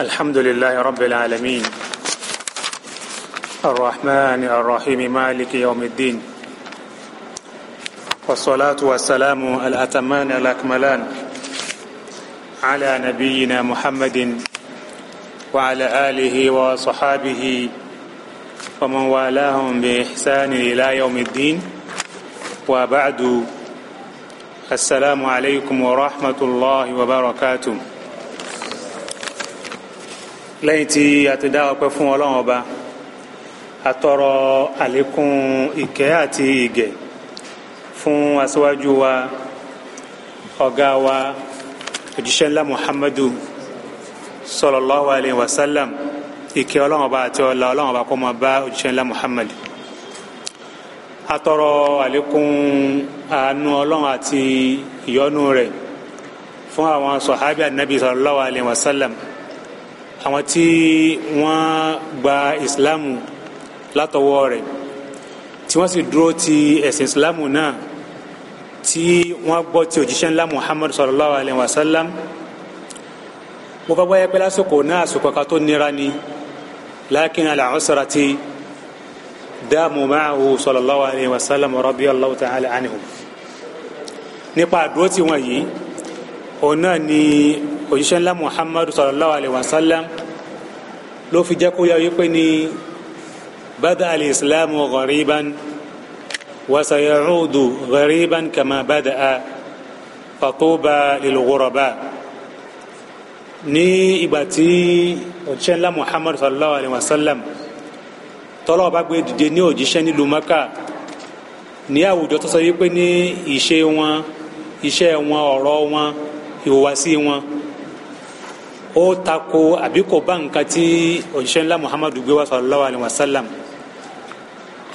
الحمد لله رب العالمين الرحمن الرحيم مالك يوم الدين والصلاة والسلام الأتمان الأكملان على نبينا محمد وعلى آله وصحابه ومن والاهم بإحسان إلى يوم الدين وبعد السلام عليكم ورحمة الله وبركاته lẹ́yìn tí a ti dá ọpẹ́ fún ọlọ́run ọba atọrọ àlékún ìkẹ́ àti ìgẹ̀ fún aṣáájú wa ọ̀gá wa òjíṣẹ́ ńlá muhammadu sallallahu alayhi wa sallam ìkẹ́ ọlọ́run ọba àti ọlá ọlọ́run ọba kó máa bá òjíṣẹ́ ńlá muhammadu atọrọ àlékún àánú ọlọ́run àti ìyọ́nú rẹ̀ fún àwọn sọ̀hábíà nàbí sallallahu alayhi wa sallam àwọn tí wọ́n gba ìsìláàmù látọwọ́ rẹ̀ tí wọ́n sì dúró ti ẹ̀sìn ìsìláàmù náà tí wọ́n gbọ́ ti òjíṣẹ́ ńlá muhammadu sallallahu alayhi wa sallam mo fẹ́ bọ́yá pé lásìkò náà àsìkò kan tó nira ni lakin ala usrati daamu ma'ahu sallallahu alayhi wa sallam radiyallahu ta'ala anhu nípa àdúró tí wọ́n yìí òun náà ni òjíṣẹ́ ńlá muhammadu sallallahu alayhi wa sallam ló fi jẹ́ kó yá wípé ní bada al-islamu ghariban wa sayaudu ghariban kama bada'a fatuba lil-ghuraba ní ìgbà tí òjíṣẹ́ ńlá muhammadu sallallahu alayhi wa sallam tọ́lọ́ bá gbé dìde ní òjíṣẹ́ nílùú maka ní àwùjọ tó sọ wípé ní ìṣe wọn iṣẹ́ wọn ọ̀rọ̀ wọn ìhùwàsí wọn ó tako àbí kò bá nǹkan tí òṣìṣẹ́ muhammadu gbé wá sallallahu alaihi wasallam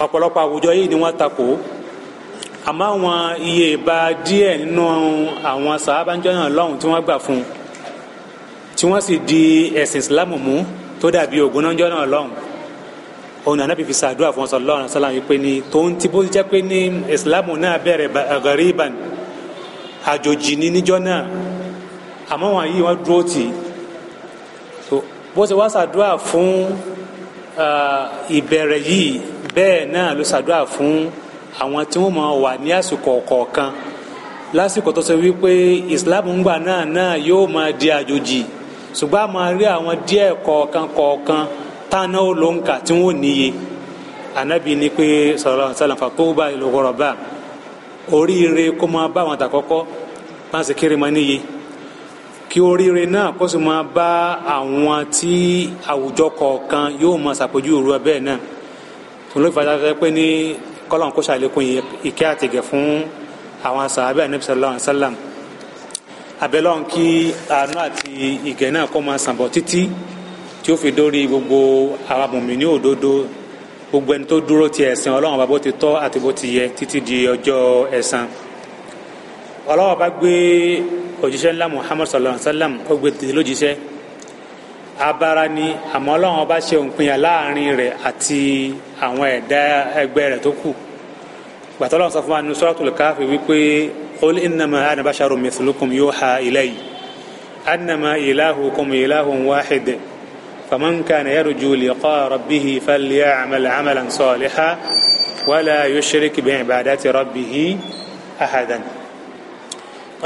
ọ̀pọ̀lọpọ̀ àwùjọ yìí ni wọ́n tako àmọ́ àwọn iye ìbá díẹ̀ nínú àwọn sàábàjọ́ náà lọ́hùn tí wọ́n gbà fún un tí wọ́n sì di ẹ̀sìn ìsìlámù mú tó dàbí ogun náà jọ́ náà lọ́hùn òun àná fífi sàdúrà fún sallallahu alaihi wasallam yìí pé ní tòun ti bó jẹ́ pé ní ìsìlámù náà bẹ̀rẹ̀ gariban àjòjì ní níjọ́ náà àmọ́ wọn yìí wọ́n dúró tì í bó ṣe wá ṣàdúrà fún ìbẹ̀rẹ̀ yìí bẹ́ẹ̀ náà ló ṣàdúrà fún àwọn tí wọ́n máa wà ní àsìkò kọ̀ọ̀kan lásìkò tó ṣe wípé islam ńgbà náà náà yóò máa di àjòjì ṣùgbọ́n a máa rí àwọn díẹ̀ kọ̀ọ̀kan kọ̀ọ̀kan táná ó ló ń kà tí wọ́n ò níye anabi ni pé sallallahu alaihi wasallam fàtóbá ìlú ghuraba oríire kó máa bá àwọn àtàkọ́kọ́ máa kéré máa níye kí oríire náà kó sì máa bá àwọn tí àwùjọ kọ̀ọ̀kan yóò máa ṣàpèjúwe rú bẹ́ẹ̀ náà olóòfà dáadáa pé ní kọ́lọ́n kó ṣàlékún ìkẹ́ àtìgẹ̀ fún àwọn sàábẹ́ ànábì sallallahu alaihi wasallam abẹ́lọ́n kí àánú àti ìgẹ̀ náà kó máa sàn bọ̀ títí tí ó fi dórí gbogbo àwọn mùmínì òdodo gbogbo ẹni tó dúró ti ẹ̀sìn ọlọ́run bá bó ti tọ́ àti bó ti yẹ títí di ọjọ́ ẹ̀san. ọlọ́wọ́ bá gbé òjíṣẹ́ ńlá muhammad sallallahu alayhi wa sallam ó gbé títí lójíṣẹ́ abara ni àmọ́ ọlọ́wọ́ bá ṣe òǹpinya láàrin rẹ̀ àti àwọn ẹ̀dá ẹgbẹ́ rẹ̀ tó kù gbàtọ́lọ́ sọ fún wa ní suratul káfí wípé qul innama ana basharun mithlukum yuha ilayya annama ilahukum ilahun wahid faman kana yarju liqa rabbihi falya'mal 'amalan salihan wala yushrik bi'ibadati rabbihi ahadan.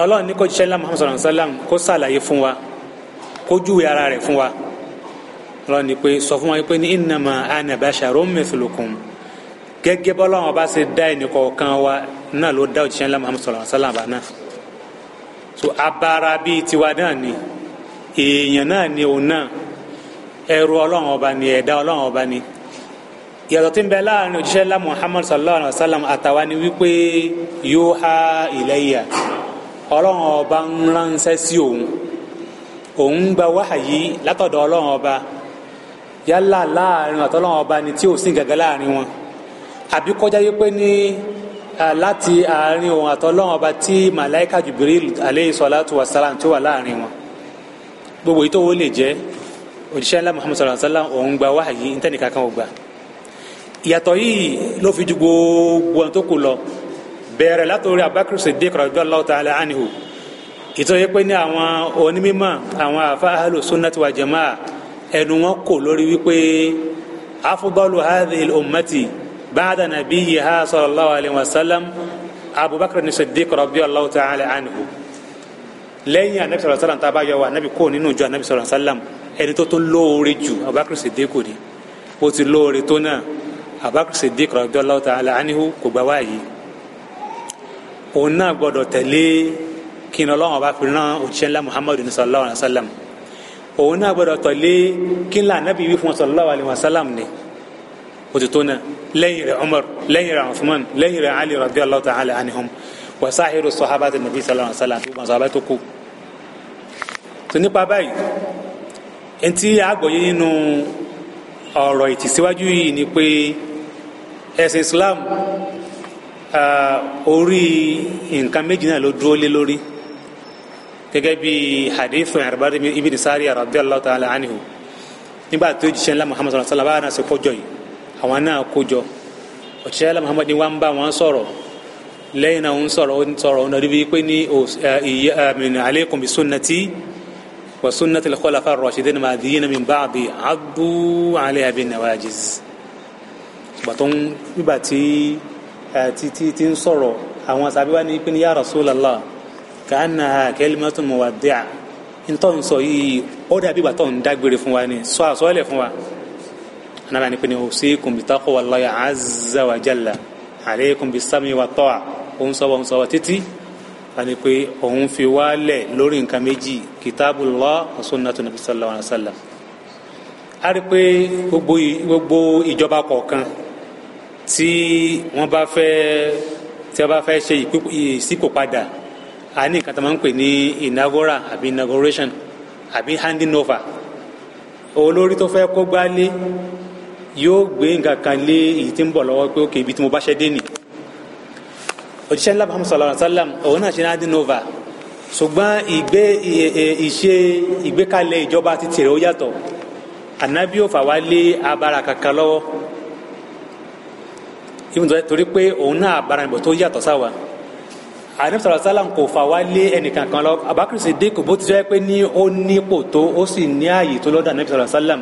ọlọ́run ní kó jíṣẹ́ ńlá muhammed sallallahu alayhi wa sallam kó sàlàyé fún wa kó júwe ara rẹ̀ fún wa ọlọ́run ní pé sọ fún wa pé ní innama ana basharun mithlukum gẹ́gẹ́ bọ́lá wọn bá ṣe dá ẹnì kọ̀ọ̀kan wa náà ló dá òjíṣẹ́ ńlá muhammed sallallahu alayhi wa sallam bá náà so abara bíi tiwa náà ni èèyàn náà ni òun náà ẹrú ọlọ́run ọba ni ẹ̀dá ọlọ́run ọba ni ìyàtọ̀ tí ń bẹ láàrin òjíṣẹ́ ńlá muhammed sallam àtàwa ni wípé yuha ilayya ọlọ́run ọba ń ránṣẹ́ sí òun òun ń gba wáhàyí látọ̀dọ̀ ọlọ́run ọba yálà láàrin àtọ́lọ́run ọba ni tí ò sí gàgà láàrin wọn àbí kọjá yí pé ní láti àárín òun àtọ́lọ́run ọba tí màláìka Jibril aleyhi salatu wa salam tí ó wà láàrin wọn gbogbo yìí tó wọ́n jẹ́ òjíṣẹ́ ńlá Muhammad sallallahu alayhi wa sallam òun gba wáhàyí ní tẹ́nìkankan ò gbà ìyàtọ̀ yìí ló fi ju gbogbo ohun tó kù lọ bẹ̀rẹ̀ látòrí Abubakar Siddiq radiyallahu ta'ala anhu ìtọ́jú pé ní àwọn onímọ̀ àwọn àfa ahlu sunnati wa jamaa ẹnu wọn kò lórí wípé afdalu hadhihi al-ummati ba'da nabiyyiha sallallahu alayhi wa sallam Abubakar Siddiq radiyallahu ta'ala anhu lẹ́yìn anabi sọ̀rọ̀ sálàm tá a bá yọ wa anabi kó nínú ìjọ anabi sọ̀rọ̀ sálàm ẹni tó tún lóore jù abakar siddiq ni ó ti lóore tó náà abakar siddiq radiyallahu ta'ala anhu kò gbà wáyé òun náà gbọ́dọ̀ tẹ̀lé kí ni Ọlọ́run bá fi rán òjíṣẹ́ ńlá Muhammadu sallallahu alayhi wa sallam òun náà gbọ́dọ̀ tẹ̀lé kí ni ànábì wí fún sallallahu alayhi wa sallam ni òtítọ́ náà lẹ́yìn rẹ̀ Umar lẹ́yìn rẹ̀ Uthman lẹ́yìn rẹ̀ Ali radiyallahu ta'ala anhum wa sahiru sahabati nabi sallallahu alayhi wa tó gbọ́n sahaba tó kù tó nípa báyìí ẹntì àgbọ́yé nínú ọ̀rọ̀ ìtìsíwájú yìí ni pé ẹ̀sìn Islam orí nǹkan méjì náà ló dúró lé lórí gẹ́gẹ́ bí hadith Irbad ibn Sariya radiyallahu ta'ala anhu nígbà tó jíṣẹ́ ńlá Muhammad sallallahu alaihi wa sallam báyìí náà ṣe kójọ yìí àwọn náà kójọ òṣìṣẹ́ ńlá Muhammad ni wọ́n ń bá wọn sọ̀rọ̀ lẹ́yìn náà ń sọ̀rọ̀ ń sọ̀rọ̀ ń rí pé ní alaykum sunnati wa sunnati al-khulafa ar-rashidin al-mahdiyyin min ba'di 'addu 'alayha bin nawajiz. ìgbà tó tí títí tí ń sọ̀rọ̀ àwọn sàbíwá ní pé ní ya Rasulullah ka'annaha kalimatun muwaddi' ntọ́ ń sọ yìí ó dàbí ìgbà tó ń dágbére fún wa ni sọ àsọ́ọ̀lẹ̀ fún wa anábà ní pé ní usikum bi taqwallahi azza wa jalla alaykum bis sam'i wa ta'a òun sọ òun sọ títí àni pé òun fi wálẹ̀ lórí nǹkan méjì kitabullah wa sunnatu nabi sallallahu alayhi wa sallam a rí pé gbogbo ìjọba kọ̀ọ̀kan tí wọ́n bá fẹ́ tí wọ́n bá fẹ́ ṣe ìsípòpadà a ní nǹkan tó máa ń pè ní inagora àbí inauguration àbí handing over olórí tó fẹ́ kó gbálé yóò gbé nǹkan kan lé èyí tí ń bọ̀ lọ́wọ́ pé ó kè ibi tí mo bá ṣe dé nìyí òjíṣẹ́ ńlá muhammad sallallahu alayhi òun náà ṣe ní adinova ṣùgbọ́n ìgbé ìṣe ìgbékalẹ̀ ìjọba títí rẹ̀ ó yàtọ̀ ànábì ò fà wá lé abara kankan lọ́wọ́ even though torí pé òun náà bára ìbò tó yàtọ̀ sáwa àdébí sọ̀rọ̀ sálà kò fà wá lé ẹnìkan kan lọ abakiri sèdèkò bó ti jẹ́ pé ní ó nípò tó ó sì ní ààyè tó lọ́dọ̀ ànábì sọ̀rọ̀ sálà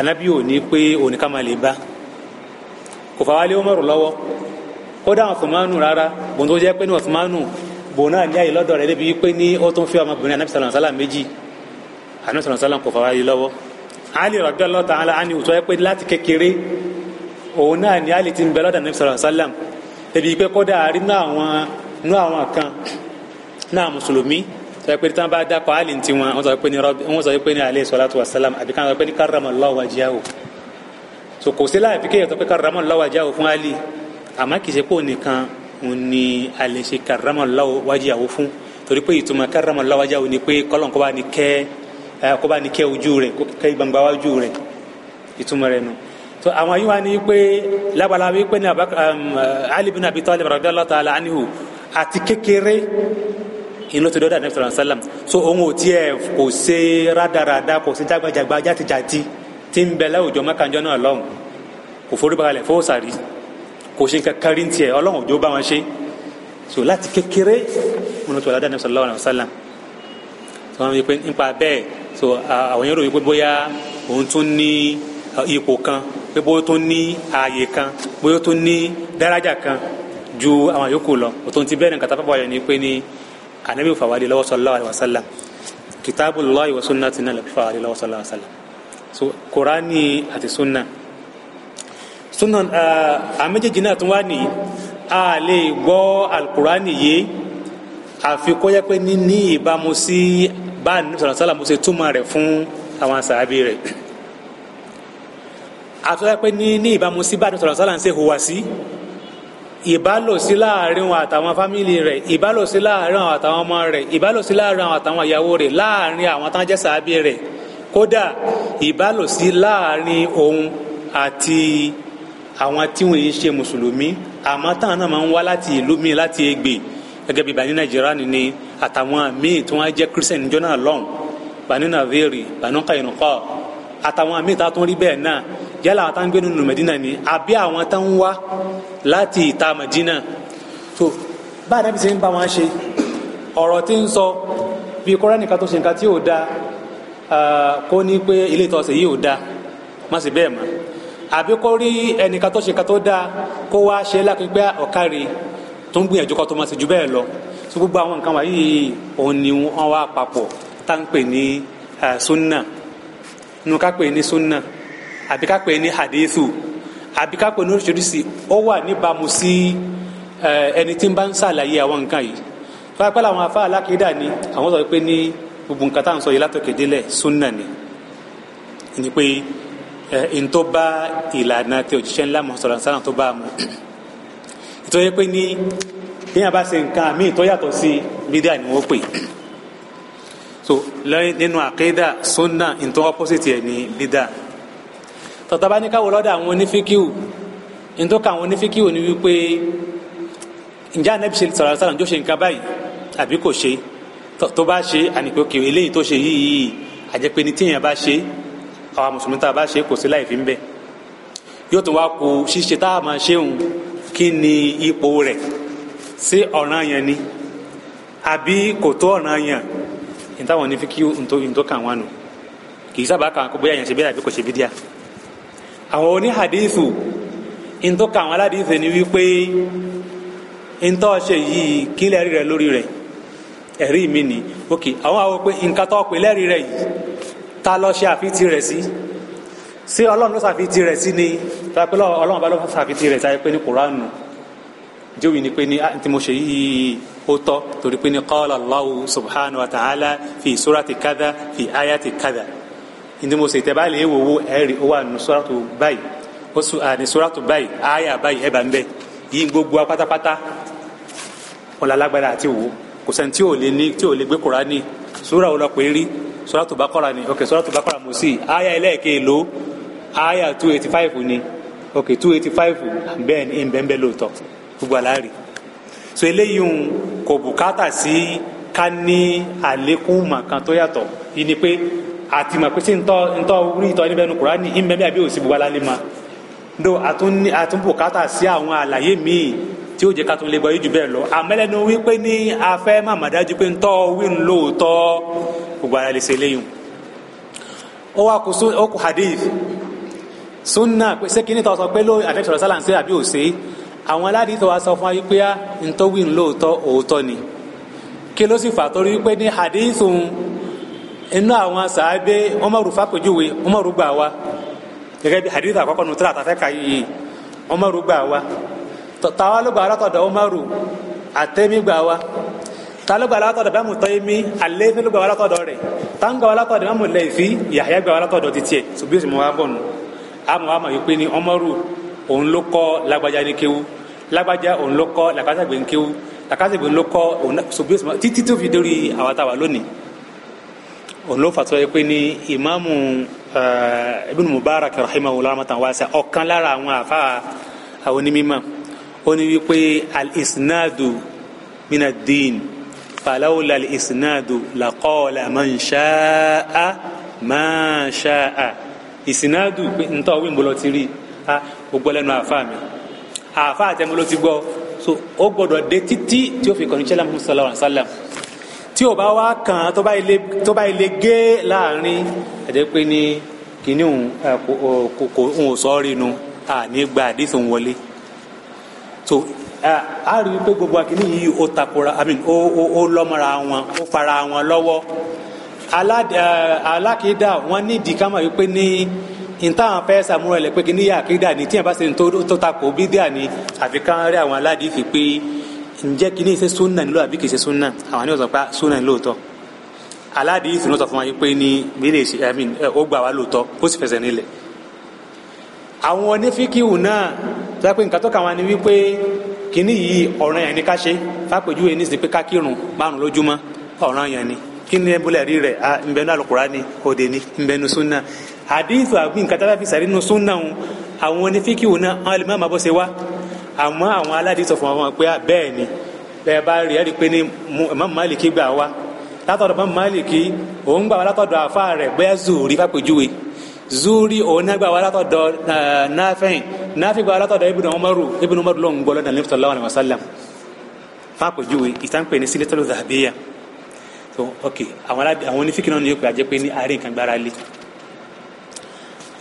ànábì ò ní pé òun ká máa lè bá kò fà wá lé Umaru lọ́wọ́ kódà Usmanu rárá bòun tó jẹ́ pé ní Usmanu bòun náà ní ààyè lọ́dọ̀ rẹ̀ débi pé ní ó tún fi ọmọbìnrin ànábì sọ̀rọ̀ sálà méjì Ali radiyallahu ta'ala anhu tó jẹ́ pé láti òun náà ni àlè ti ń bẹ lọ́dọ̀ nàbí sọ̀rọ̀ sálàm tẹ̀bi pé kọ́dà rí nú àwọn nú àwọn kan náà mùsùlùmí sọ pé tí wọ́n bá dákọ̀ àlè ti wọn wọ́n sọ pé ní rọ́bì wọ́n sọ pé ní àlè sọ̀rọ̀ wàsálàm àbí káwọn sọ pé ní karramallahu wajahu so kò sí láàbí kéèyàn sọ pé karramallahu wajahu fún àlè àmọ́ kì í ṣe pé òun nìkan òun ni àlè ṣe karramallahu wajahu fún torí pé ìtumọ̀ karramallahu wajahu ni pé eh, ìtumọ̀ rẹ̀ nù. No so àwọn yìí wá ní pé lábala wípé ní um, uh, Ali bin Abi Talib radiyallahu ta'ala anhu àti kékeré ìlú tó dọ́dọ̀ anabi sallallahu alayhi wa sallam so òun ò tiẹ̀ kò ṣe rádaràda kò ṣe jágbajàgba játijàti tí ń bẹ láwùjọ mọ́kànjọ́ náà lọ́hùn kò forí balẹ̀ fowósàrí kò ṣe nǹkan kárí tiẹ̀ ọlọ́run òjò bá wọn ṣe so láti kékeré wọn ló tó aládàá anabi sallallahu alayhi sallam so wọn wípé nípa bẹ́ẹ̀ so àwọn yẹn rò wípé bóyá òun tún ní ipò kan pé bóyá tó ní ààyè kan bóyá tó ní dáràjà kan ju àwọn yòókù lọ òtún ti bẹ́ẹ̀ ní kàtà fábọ̀ yẹn ni pé ní anabi fà wálé lọ́wọ́ sallallahu alaihi wasallam kitabullahi wa sunnatina lọ́wọ́ fà wálé lọ́wọ́ sallallahu alaihi wasallam so kurani àti sunna sunna àwọn méjèèjì náà tún wá nìyí a lè gbọ́ alukurani yìí àfi kó yẹ pé ní ní ìbámu sí bá a nínú sọ̀rọ̀ sálàmù ṣe túmọ̀ rẹ̀ fún àwọn sàábì rẹ̀ àtúntò pé ní ní ìbámu sí bàdàn sọ̀rọ̀ sọ́là ń ṣe hùwà sí ìbálòsí láàrin wọn àtàwọn fámìlì rẹ̀ ìbálòsí láàrin wọn àtàwọn ọmọ rẹ̀ ìbálòsí láàrin wọn àtàwọn ìyàwó rẹ̀ láàrin àwọn tán jẹ́ sàábì rẹ̀ kódà ìbálòsí láàrin òun àti àwọn tí wọn yìí ṣe mùsùlùmí àmọ́ táwọn náà máa ń wá láti ìlú míì láti Ẹ̀gbẹ́ gẹ́gẹ́ bíi bani Nàìjíríà nìní àtàwọn míì tí wọ́n jẹ́ kírísítẹ̀nì jọ́nà lọ́hùn bani Nàìjíríà bani Kàyínùkọ́ àtàwọn míì tá a tún rí bẹ́ẹ̀ náà yálà àwọn táwọn gbé nínú Medina ni àbí àwọn táwọn wá láti ìta Medina so bá ànábì ṣe ń bá wọn ṣe ọ̀rọ̀ tí ń sọ bí kọ́rẹ́ nìkan tó ṣe nǹkan tí ò da kó ní pé ilé ìtọ́sẹ̀ yìí ò da má sì bẹ́ẹ̀ mọ́ àbí kó rí ẹnìkan tó ṣe nǹkan tó da kó wá ṣe lápẹ́gbẹ́ ọ̀kárí tó ń gbìyànjú kọ́ tó má ṣe jù bẹ́ẹ̀ lọ so gbogbo àwọn nǹkan wáyé òun ni wọ́n wá papọ̀ tá ń pè ní sunna nù ká pè ní sunna àbí ká pè ní hadithu àbí ká pè ní oríṣiríṣi ó wà níbàámu sí ẹni tí ń bá ń ṣàlàyé àwọn nǹkan yìí tó wáá pẹ́ làwọn afá alákìídà ni àwọn sọ pé ní gbogbo nǹkan tá sọ yìí látòkè délẹ̀ sunna ni ni pé ntó bá ìlànà tí òjíṣẹ́ ńlá mọ̀ sọ̀rọ̀ sánà tó bá a mọ̀ ìtọ́jú pé ní bí wọn bá ṣe nǹkan míì tó yàtọ̀ sí bídíà ni wọ́n pè so nínú àkídà sunna ntó opposite ẹ̀ ní bídíà tọ́tàbá ní káwọ́ lọ́dọ̀ àwọn onífíkíù nítorí àwọn onífíkíù ni wípé ǹjẹ́ anabi ṣe sọ̀rọ̀ sọ̀rọ̀ njó ṣe nǹkan báyìí àbí kò ṣe tó bá ṣe ànípé òkè eléyìí tó ṣe yìí àjẹpé ní tíyẹn bá ṣe àwa mùsùlùmí tá a bá ṣe kò sí láì fi ń bẹ yóò tún wá kó ṣíṣe tá a máa ṣe òun kí ni ipò rẹ̀ sí ọ̀ràn yẹn ni àbí kò tó ọ̀ràn yẹn ní táwọn onífíkíù ntó kàn wọn nù kì í sábà kàn kó bóyá yẹn ṣe bí àbí kò ṣe bí díà àwọn oníhàdíìsù ntọ́ka àwọn aládìísù ni wípé ntọ́ọ̀ṣe yìí kí lẹ́rìí rẹ̀ lórí rẹ̀ ẹ̀rí mi ni ok àwọn àwọn pé nǹkan tó pè lẹ́rìí rẹ̀ yìí ta ló ṣe àfitì rẹ̀ sí ṣé ọlọ́run ló ṣàfitì rẹ̀ sí ni tàbí ọlọ́run bá ló ṣàfitì rẹ̀ tàbí pé ní kuranu jówi ni pé ní tí mo ṣe yìí ó tọ́ torí pé ní qala Allahu subhanahu wa ta'ala fi surati kada, fi ayati kada ndí mo ṣe tẹ bá lè wòwó ẹ̀rí ó wà ní suratu báyìí ó sùn àní suratu báyìí àyà báyìí ẹ̀bà ń bẹ̀ yìí gbogbo wa pátápátá ọ̀la lágbára àti wò kò sẹ́ni tí ò lè ní tí ò lè gbé Kùránì sura ò lọ pé rí suratu Baqara ni ok suratu Baqara mo sì àyà ẹlẹ́ẹ̀kẹ́ ló àyà two eighty five ni ok two eighty five bẹ́ẹ̀ ni ìbẹ́ńbẹ́ lóòótọ́ gbogbo àlárí so eléyìí kò bùkátà sí ká ní àlékún màkàn tó yàtọ̀ yìí ni pé àti mọ̀ pé sí ntọ́ ntọ́ orí ìtọ́ níbẹ̀ nu Kùránì ìmẹ́mí àbí òsì gbogbo alálẹ́ ma ndo àtúnbùkátà sí àwọn àlàyé míì tí ó jẹ́ ká tó lè gbọ́ yìí jù bẹ́ẹ̀ lọ àmẹ́lẹ́nu wípé ní afẹ́ màmá dájú pé ntọ́ wí ń lóòótọ́ gbogbo ara lè se léyìn ó wá kó ó kó hadith sunna pé ṣé kí ni tó sọ pé ló àtẹ̀sọ̀rọ̀ sálà ń ṣe àbí òsè àwọn aládìí tó wá sọ fún wa wípé ntọ́ wí ń lóòótọ́ òótọ́ ni kí ló sì fà torí wípé ní hadith inú àwọn sàábé Umaru fàpèjúwe Umaru gbà wá gẹ́gẹ́ bí hadith àkọ́kọ́ nù tíra àtàfẹ́ kàyé yìí Umaru gbà wá tàwa ló gbà látọ̀dọ̀ Umaru àtẹ́mí gbà wá ta ló gbà látọ̀dọ̀ bá mu tọ́ yémi àlééfé ló gbà látọ̀dọ̀ rẹ̀ tá ń gbà látọ̀dọ̀ bá mu lẹ́ẹ̀fí Yahya gbà látọ̀dọ̀ ti tiẹ̀ ṣùgbọ́n èsì mo wá bọ̀ nù àmọ́ àmọ́ yìí pé ni Umaru òun ló kọ́ lágbájá ní kéwú lágbájá òun ló kọ́ làkàtàgbé ń kéwú làkàtàgbé ń ló kọ́ òun ṣùgbọ́n èsì mo títí tó fi dórí àwọn táwa lónìí olófàtọ́ yẹ pé ní ìmáàmù Ibn Mubarak rahimahullah rahmatan wasi'a ọ̀kan lára àwọn àfa àwọn onímọ̀ ó ní wípé al-isnadu min ad-din falawla al-isnadu laqala man sha'a ma sha'a ìsìnádù ntọ́ wí mbọ́lọ́ ti rí a gbogbo lẹ́nu àfa mi àfa àtẹ̀mọ́lọ́ ti gbọ́ so ó gbọ́dọ̀ dé títí tí ó fi kọ́ni sẹ́lẹ̀ musalawà sálàm tí o bá wá kàn án tó bá ilé gé láàrin ẹ̀jẹ̀ pé ní kíní òun ò sọ rí nu àní gba àdìsí òun wọlé so a rí i pé gbogbo akíní yìí ó takora i mean ó lọ́mọra wọn ó fara wọn lọ́wọ́ alákìídà wọn nídìí ká máa wípé ní ntáwọn fẹ́ sàmúrò ẹ̀ lẹ́pẹ́ kíní yà àkìídà ni tíyẹn bá ṣe tó takò bídíà ni àfi ká rí àwọn aládìí fi pé ǹjẹ́ kini ní sunna nilo àbí kì í ṣe sunna àwọn àníwọ̀n sọ pé ah, sunna nílò tọ́ aládìí ìsìn ló sọ fún wa pé ní bílẹ̀ ṣe i mean eh, ó gbà wá lóòótọ́ ó sì fẹsẹ̀ nílẹ̀ àwọn onífíkìwù náà tó yẹ pé nǹkan tó kà wá ni wípé kíní yìí ọ̀ràn yẹn ni ká ṣe fàpèjúwe ní sìn pé márùn lójúmọ́ ọ̀ràn yẹn ni kí ni ẹbúlẹ̀ rí rẹ̀ nbẹ́nu ah, Al-Qur'ani òde ni nbẹ́nu sunna àdìsù àbí nǹkan tó bá fi sunna àwọn onífíkìwù náà àwọn ẹlẹ́mọ̀ àbọ̀ṣe àmọ́ àwọn aládìí sọ fún wọn pé ah, bẹ́ẹ̀ ni bẹ́ẹ̀ bá rí ẹ̀rí pé ní Imam Malik gbà wá látọ̀dọ̀ Imam òun gbà wá látọ̀dọ̀ àfa rẹ̀ bẹ́ẹ̀ zuri fàpèjúwe zuri òun náà gbà wá látọ̀dọ̀ eh, Nafi' Nafi' gbà wá látọ̀dọ̀ Ibn Umaru Ibn Umaru ló ń gbọ́ lọ́dọ̀ Nabi sallallahu alaihi wasallam fàpèjúwe ìtànpẹ̀ ní sílẹ̀ tọ́lú zahabiyya so ok àwọn onífíkì náà ni yóò pè àjẹpẹ́ ní àárín kan gbára lé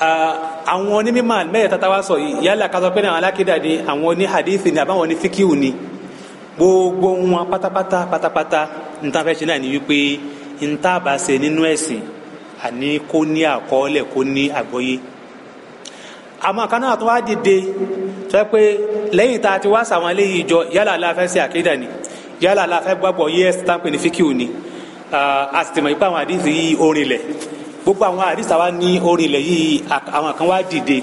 Ah, àwọn onímọ̀ mẹ́rẹ̀ẹ́ta tá a wá sọ yálà ká sọ ni àwọn oní hadithi ni àbáwọn oní ni gbogbo wọn pátápátá pátápátá níta fẹ́ ṣe náà ni wípé níta bá ṣe nínú ẹ̀sìn àní kó ní àkọọ́lẹ̀ kó ní àgbọ́yé àmọ́ wá dìde a ti wá ni yálà aláfẹ́ gbàgbọ́ tá a pè ní ni ah, gbogbo àwọn àdìsá wa ní orí yìí àwọn kan wá dìde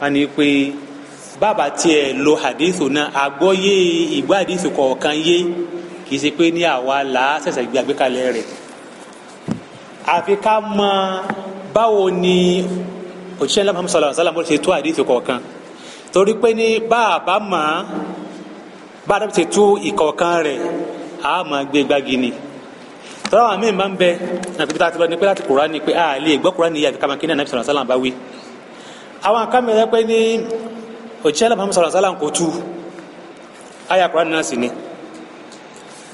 wọn ni pé bàbá tiẹ̀ lo àdìsó náà àgbọ́yé ìgbọ́ àdìsó kọ̀ọ̀kan yé kì í ṣe pé ní àwa là á ṣẹ̀ṣẹ̀ gbé àgbékalẹ̀ rẹ̀ àfi ká mọ báwo ni òṣìṣẹ́ ńlá Muhammad sallallahu alaihi wasallam bó ṣe tó àdìsó kọ̀ọ̀kan torí pé ní bàbá mọ̀ bàbá ti tú ìkọ̀ọ̀kan rẹ̀ àá máa gbé gbági ni. Ba, tọ́lá àwọn míì máa ń bẹ àti tá a ti lọ ní pé láti Kùránì pé a lè gbọ́ Kùránì yìí àfi ká máa kí ní ànábì sọ̀rọ̀ sálàm bá wí. àwọn akámi rẹ pé ní òjíṣẹ́ lọ́mọ sọ̀rọ̀ sálàm kò tú àyà Kùránì náà sì ni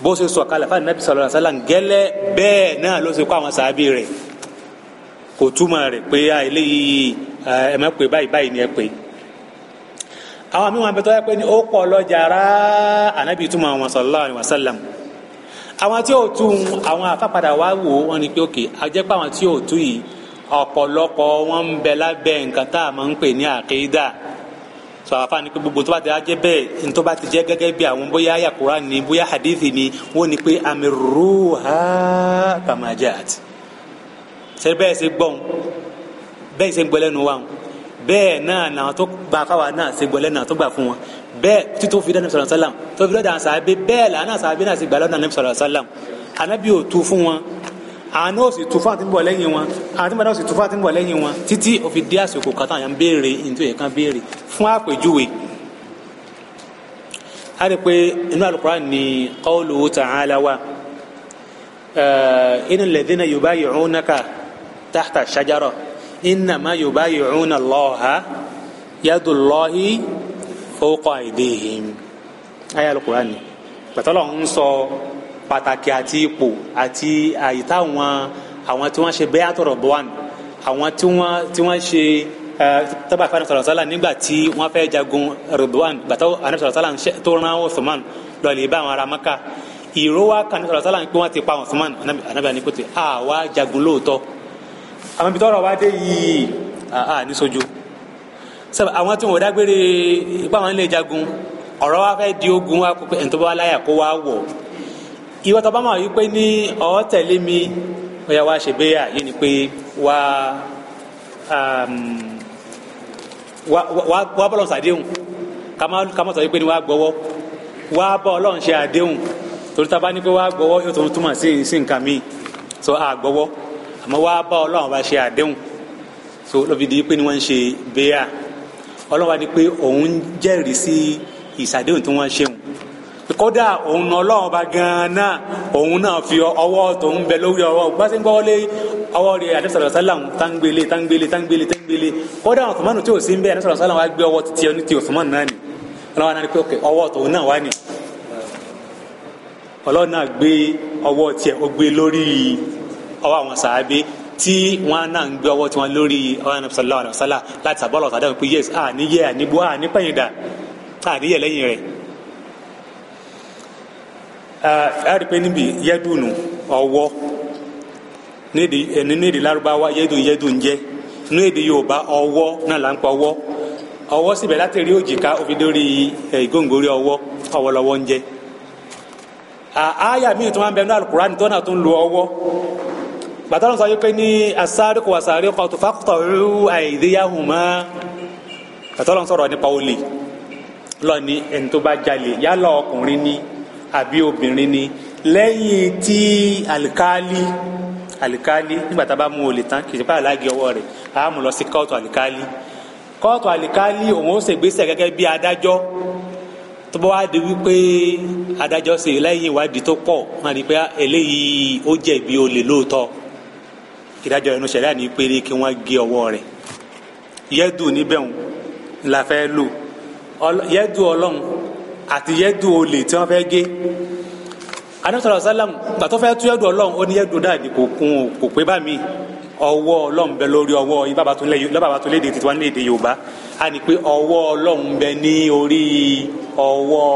bó ṣe sọ̀ kalẹ̀ fáwọn ànábì sọ̀rọ̀ sálàm gẹ́lẹ́ bẹ́ẹ̀ náà ló ṣe kó àwọn sàábì rẹ̀ kò túmọ̀ rẹ̀ pé a eléyìí ẹ má pè báyìí báyìí ni ẹ pè àwọn míì wọn bẹ tọ́ àwọn tí ò tú àwọn àfàpadà wá wò wọn ni pé òkè àjẹpọ̀ àwọn tí ò tú yìí ọ̀pọ̀lọpọ̀ wọn ń bẹ lábẹ́ nǹkan tá a máa ń pè ní àkéédà sọ àwọn afáàní pé gbogbo tó bá ti ajẹ́ bẹ́ẹ̀ ní tó bá ti jẹ́ gẹ́gẹ́ bí àwọn bóyá ayàkúrá ni bóyá hadith ni wọ́n ní pé àmì rúhà kàmájàt ṣe bẹ́ẹ̀ ṣe gbọ́n bẹ́ẹ̀ ṣe gbẹ́lẹ́nu wa bẹ́ẹ̀ náà náà tó gbà káwa náà ṣe gbẹ́lẹ́nu náà tó gbà fún wọn bẹ́ẹ̀ títí ó fi dá nàbísọ̀rọ̀ sálàm tó fi lọ́dà àṣàbí bẹ́ẹ̀ làánà àṣàbí náà sì gbà lọ́dà nàbísọ̀rọ̀ sálàm ànábì ò tu fún wọn àánú ò sì tu fún àtìmọ̀ lẹ́yìn wọn àtìmọ̀ náà ò sì tu fún àtìmọ̀ lẹ́yìn wọn títí ó fi dé àsìkò kan táwọn yẹn ń béèrè kan béèrè fún àpèjúwe. a pe inú al ni qawlu ta'ala wa innal ladhina yubayi'unaka tahta shajara innama yubayi'una Allaha yadullahi fawqa aydihim àyá al-Qur'an ni pẹ̀tọ́lọ̀ ń sọ pàtàkì àti ipò àti àyè táwọn àwọn tí wọ́n ṣe bẹ́ẹ̀ àtọ̀rọ̀ bọ́ wà ní àwọn tí wọ́n tí wọ́n ṣe tọ́ba àfẹ́ anamọ̀ sọ̀rọ̀ nígbà tí wọ́n fẹ́ jagun Ridwan bàtà anamọ̀ sọ̀rọ̀ tó rán Osman lọ́ọ̀lì bá àwọn ará Maka ìró wa kan sọ̀rọ̀ sálà pé wọ́n ti pa Usman anábìyà ní kò tẹ̀ àwa jagun lóòótọ́ àwọn ibi tọ́rọ̀ wa dé yìí ní sojú sọba àwọn tí wọn ò dágbére ipá wọn lè jagun ọ̀rọ̀ wa fẹ́ di ogun wa kó pé ẹni tó bá láyà kó wa wọ̀ ìwọ tó bá mọ̀ wípé ní ọ̀ tẹ̀lé mi ọ̀yà wa ṣe béyà yìí ni pé wa wa bọ́lọ̀ sàdéhùn kàmá sọ wípé ní wa gbọ́wọ́ wa bọ́ ọlọ́run ṣe àdéhùn torí tá bá ní pé wa gbọ́wọ́ yóò tó túmọ̀ sí sí nǹkan míì so a gbọ́wọ́ àmọ́ wa bá ọlọ́run bá ṣe àdéhùn so lọ́bi di pé ni wọ́n ń ṣe béyà ọlọ́wà ni pé òun jẹ́rìí sí ìsàdéhùn tí wọ́n ṣe wọn kódà òun ọlọ́run ọba gan-an náà òun náà fi ọwọ́ tó ń bẹ lórí ọwọ́ gbáṣẹ́ ń gbọ́wọ́lé ọwọ́ rẹ̀ àdẹ́sọ̀rọ̀ sálàmù tángbélé tángbélé tángbélé tángbélé kódà ọ̀tọ̀mọ́nù tí ò sí ń bẹ àdẹ́sọ̀rọ̀ sálàmù wá gbé ọwọ́ títí ọ ní ti ọ̀tọ̀mọ́nù náà ni ọlọ́wà náà ni pé ọwọ́ tòun náà wá ni ọlọ́run náà gbé ọwọ́ tiẹ̀ ó gbé lórí ọwọ́ àwọn sàábé tí wọn náà ń gbé ọwọ́ tí wọn lórí ọ̀rọ̀ nàbí sallallahu láti àbọ̀ ọ̀rọ̀ sàdáwọ̀ pé yes a níyẹ a nípẹ̀yìn dà a níyẹ lẹ́yìn rẹ̀. a pé níbi yẹ́dùnù ọwọ́ ní èdè lárúbáwá yẹ́dùn yẹ́dùn jẹ́ ní èdè yorùbá ọwọ́ náà là ń pa ọwọ́ ọwọ́ síbẹ̀ láti rí òjìká òfin ọwọ́ gbàtàrún sọ yípe ní asárikò asárikò tó fàkùtàrú àìdíyàhùnmá gbàtàrún sọ̀rọ̀ nípa olè lọ́ni ẹni tó bá jalè yálà ọkùnrin ni àbí obìnrin ni lẹ́yìn tí alikali alikali nígbà tá a bá mú olè tán kì í ṣe pé aláàgé ọwọ́ rẹ̀ a mú lọ sí kóòtù alikali kóòtù alikali òun ó ṣègbésẹ̀ gẹ́gẹ́ bí adájọ́ tó bá wá di wípé adájọ́ ṣe lẹ́yìn ìwádìí tó pọ̀ wọn á di pé eléyìí ó jẹ̀bi olè lóòótọ́ ìdájọ́ inú sẹ̀ríà ní péré kí wọ́n gé ọwọ́ rẹ̀ yẹ́dù níbẹ̀ ń la fẹ́ lò yẹ́dù ọlọ́run àti yẹ́dù olè tí wọ́n fẹ́ gé anamsọ̀rọ̀ sálàmù gbàtọ́ fẹ́ tú yẹ́dù ọlọ́run ó ní yẹ́dù dáàdì kò kún kò pé bá mi ọwọ́ ọlọ́run bẹ lórí ọwọ́ bàbá tó léde tiwọn léde yorùbá a ní pé ọwọ́ ọlọ́run bẹ ní orí ọwọ́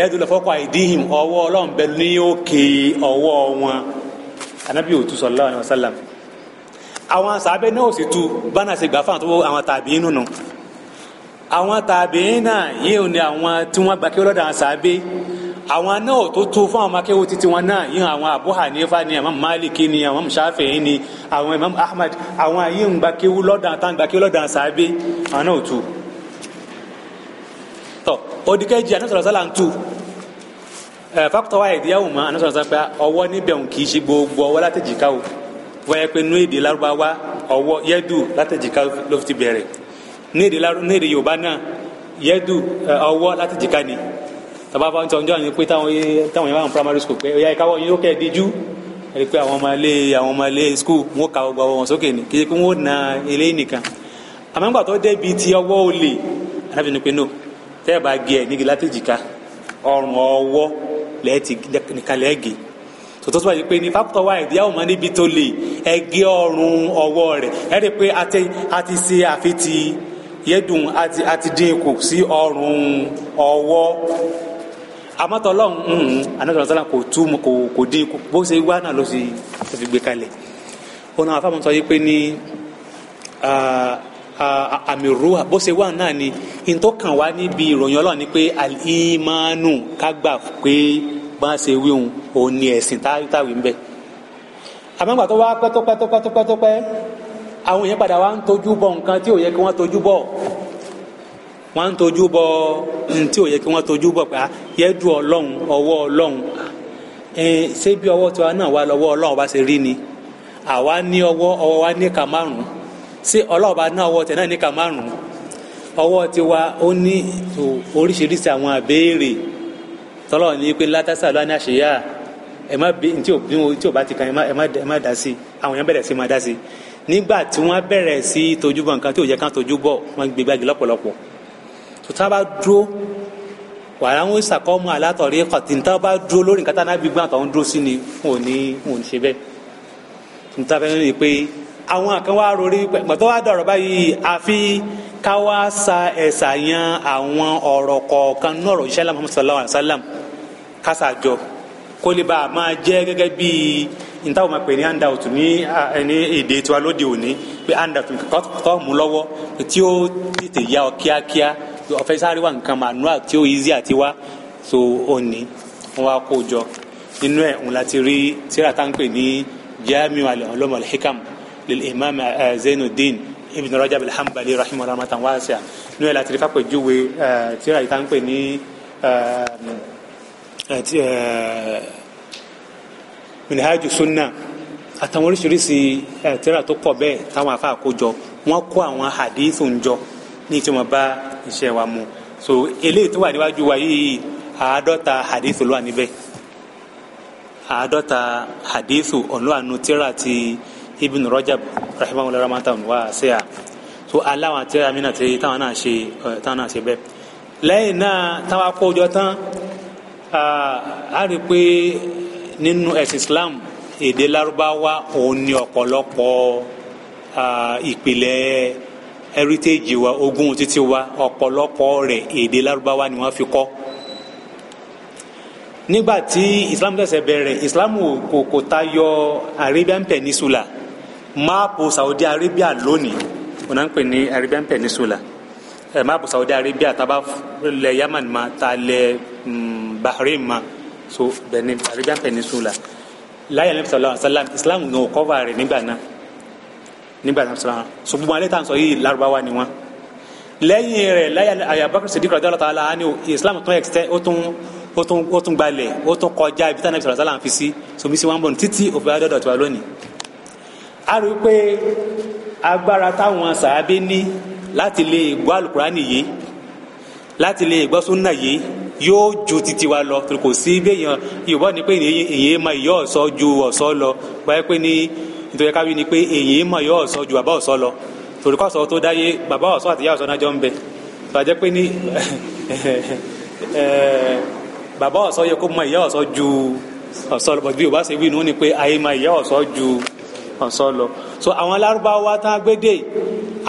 yẹ́dù lọ́fọ́kọ̀ àìdíhìn ọwọ́ ọlọ́run bẹ ní òkè ọwọ́ wọn anabi ò tu sallallahu alaihi wasallam àwọn sàbẹ náà ò sì tu bánà ṣe gbà fáwọn tó àwọn tàbí nínú àwọn tàbí náà yìí ò ní àwọn tí wọn gbà kí ọlọ́dà àwọn sàbẹ àwọn náà tó tu fún àwọn akéwò títí wọn náà yìí àwọn Abu Hanifa ni àwọn Maliki ni àwọn Shafi'i ni àwọn Imam Ahmad àwọn yìí ń gbà kí lọ́dà tán àwọn sàbẹ àwọn náà tu tọ òdìkejì àná sọ̀rọ̀ fakutọ wa ìdíyàwó ma anasọ̀rọ̀ sanfẹ ọwọ́ níbẹ̀ ń kì í ṣe gbogbo ọwọ́ látẹ̀jìká o wọ́n yẹ pé nú èdè Lárúbáwá ọwọ́ yẹ́dù látẹ̀jìká ló fi ti bẹ̀rẹ̀ ní èdè Yorùbá náà yẹ́dù eh, ọwọ́ látẹ̀jìká ni tàbá fáwọn ìtọ́jú àwọn pé táwọn yẹn wà ní primary school pé ìyá ìkáwọ́ yóò kẹ́ ẹ̀ díjú ẹ̀ pé àwọn ọmọ ilé àwọn ọmọ ilé school wọn kà ọgbà wọn sókè ni kì í pé wọn na ilé nìkan àmọ́ nígbà tó débi ti ọwọ́ olè anábìnrin pé no tẹ́ẹ̀ bá gé nígi látẹ̀jìká ọrùn ọwọ́ lẹ́ẹ̀tì nìkan lẹ́ẹ̀gì tòtò tó bá yẹ pé ní fápútọ̀ wa ìdí àwọn ọmọ níbi tó lè ẹgẹ ọrùn ọwọ́ rẹ̀ ẹ rí i pé a ti ṣe àfitì yẹ́dùn a ti dín kù sí ọrùn ọwọ́ amátọ́lọ́hún anájọ́ sọ́lá kò tú kò kò dín kù bó ṣe wá náà ló fi gbé kalẹ̀ ọ̀nà àfàmùsọ yìí pé ní àmì ruwa bó ṣe wà náà ni ntọ́kàn wá níbi ìròyìn ọlọ́run ni pé alìmánu ká gbà pé bá ṣe wí òun ni ẹ̀sìn táwí ń bẹ. àmọ́gbà tó wá pẹ́tọ́pẹ́tọ́pẹ́tọ́pẹ́ àwọn èèyàn padà wá ń tojú tí ò yẹ kí wọ́n tojú wọ́n ń tojú ò yẹ kí wọ́n tojú bọ̀ pé ah, yẹ́dù ọwọ́ ọlọ́run ṣé ọwọ́ tiwa náà wà lọ́wọ́ ọwọ́ ọwọ́ sí ọlọ́ọ̀bá náà ọwọ́ tẹ̀ náà ní ká márùn-ún ọwọ́ tiwa ó ní oríṣiríṣi àwọn àbẹ́ẹ̀rẹ̀ tọ́lọ́ ní pé látàsà lọ́wọ́ ní àṣeyá ẹ má bí tí ò tí ò bá ti kan ẹ má dá sí àwọn èèyàn bẹ̀rẹ̀ sí máa dá sí nígbà tí wọ́n bẹ̀rẹ̀ sí tojúbọ̀ nǹkan tí ò yẹ ká tojúbọ̀ wọ́n gbé gbági lọ́pọ̀lọpọ̀ tó tá bá dúró wàhálà ń sàkọ́mọ alátọ̀rí kọ̀tì tá bá dúró lórí nǹkan tá náà bí gbọ́n dúró sí ni wọn ò ní wọn ò ní ṣe bẹ́ẹ̀ tó tá a fẹ́ ní pé àwọn kan wá rori pẹ̀tọ́ wá dọ̀rọ̀ báyìí àfi ká wá sa ẹ̀sà yan àwọn ọ̀rọ̀ kọ̀ọ̀kan ní ọ̀rọ̀ ìṣẹ́lá muhammadu sallallahu alayhi wa sallam kásàjọ kó lè bá a máa jẹ́ gẹ́gẹ́ bí ntàwọn máa pè ní handout ní ní èdè tiwa lóde òní pé handout kọ́ mú lọ́wọ́ tí ó tètè yá ọ kíákíá ọ̀fẹ́ sáré wà nǹkan manual tí ó easy àti wá so òní wọn wá kó jọ inú ẹ̀ òun láti rí tíra tá pè ní jamiu alayhi wa sallam للإمام زين الدين ابن رجب الحنبلي رحمه الله رحمة واسعة نوع لا تريفا كو جوي تيرا يتان كو ني منهاج السنة àtàwọn oríṣiríṣi tírà tó pọ̀ bẹ́ẹ̀ táwọn afa àkójọ wọ́n kó àwọn hadith ńjọ ní tí wọ́n bá iṣẹ́ wa mu so eléyìí tó wà níwájú wa yìí àádọ́ta hadith ló wà níbẹ̀ àádọ́ta hadith ọ̀nlọ́ànú tírà ti ibn rajab rahimahullah rahmatan wa ṣíà so aláwọn àti amina tí táwọn náà ṣe eh, táwọn náà ṣe bẹ́ẹ̀ lẹ́yìn náà táwọn akójọ tán a rí i pé nínú ẹ̀sìn islam èdè lárúbáwá òun ni ọ̀pọ̀lọpọ̀ ìpìlẹ̀ heritage wa ogún títí wa ọ̀pọ̀lọpọ̀ rẹ̀ èdè lárúbáwá ni wọ́n fi kọ́ nígbà tí islam ṣẹ̀ṣẹ̀ bẹ̀rẹ̀ islam kò kò tayọ arabian peninsula máàpù Saudi Arabia lónìí wọn náà pè ní Arabian Peninsula ẹ máàpù Saudi Arabia taba a bá Yaman ma tá a mm, Bahrain ma so bẹ́ẹ̀ ni Arabian Peninsula láyé alẹ́ sọlá sálám Islam ní o kọ́fà rẹ̀ nígbà náà nígbà náà sọlá so gbogbo alẹ́ tá à ń sọ yìí Lárúbáwá ni wọn lẹ́yìn rẹ̀ láyé Abubakar Siddiq radiyallahu ta'ala anhu Islam tún ẹ̀kítẹ́ ó tún ó tún ó tún gbalẹ̀ ó tún kọjá ibi tí anabi sọlá sálám fi sí so bí sí wọn bọ̀ títí òfin adọ́dọ̀ tiwa lónìí a rí i pé agbára táwọn sàábé ní láti lè gbọ́ alukurani yìí láti lè gbọ́ súnà yìí yóò ju titi wa lọ kò sí béèyàn yorùbá ni pé èyí ma ìyọ́ ọ̀sọ́ ju ọ̀sọ́ lọ báyìí pé ní nítorí ká wí ni pé èyí ma ìyọ́ ọ̀sọ́ ju bàbá ọ̀sọ́ lọ torí kọ́ ọ̀sọ́ tó dáyé bàbá ọ̀sọ́ àti ìyá ọ̀sọ́ náà jọ ń bẹ tó a jẹ́ pé ní eh, bàbá ọ̀sọ́ yẹ kó mọ ìyá ọ̀sọ́ ju ọ̀sọ́ lọ bọ̀ yorùbá ṣe wí nù ni pé àyè ma ìyá ọ̀sọ́ ju ọ̀sán lọ so àwọn lárúbáwá tán gbédè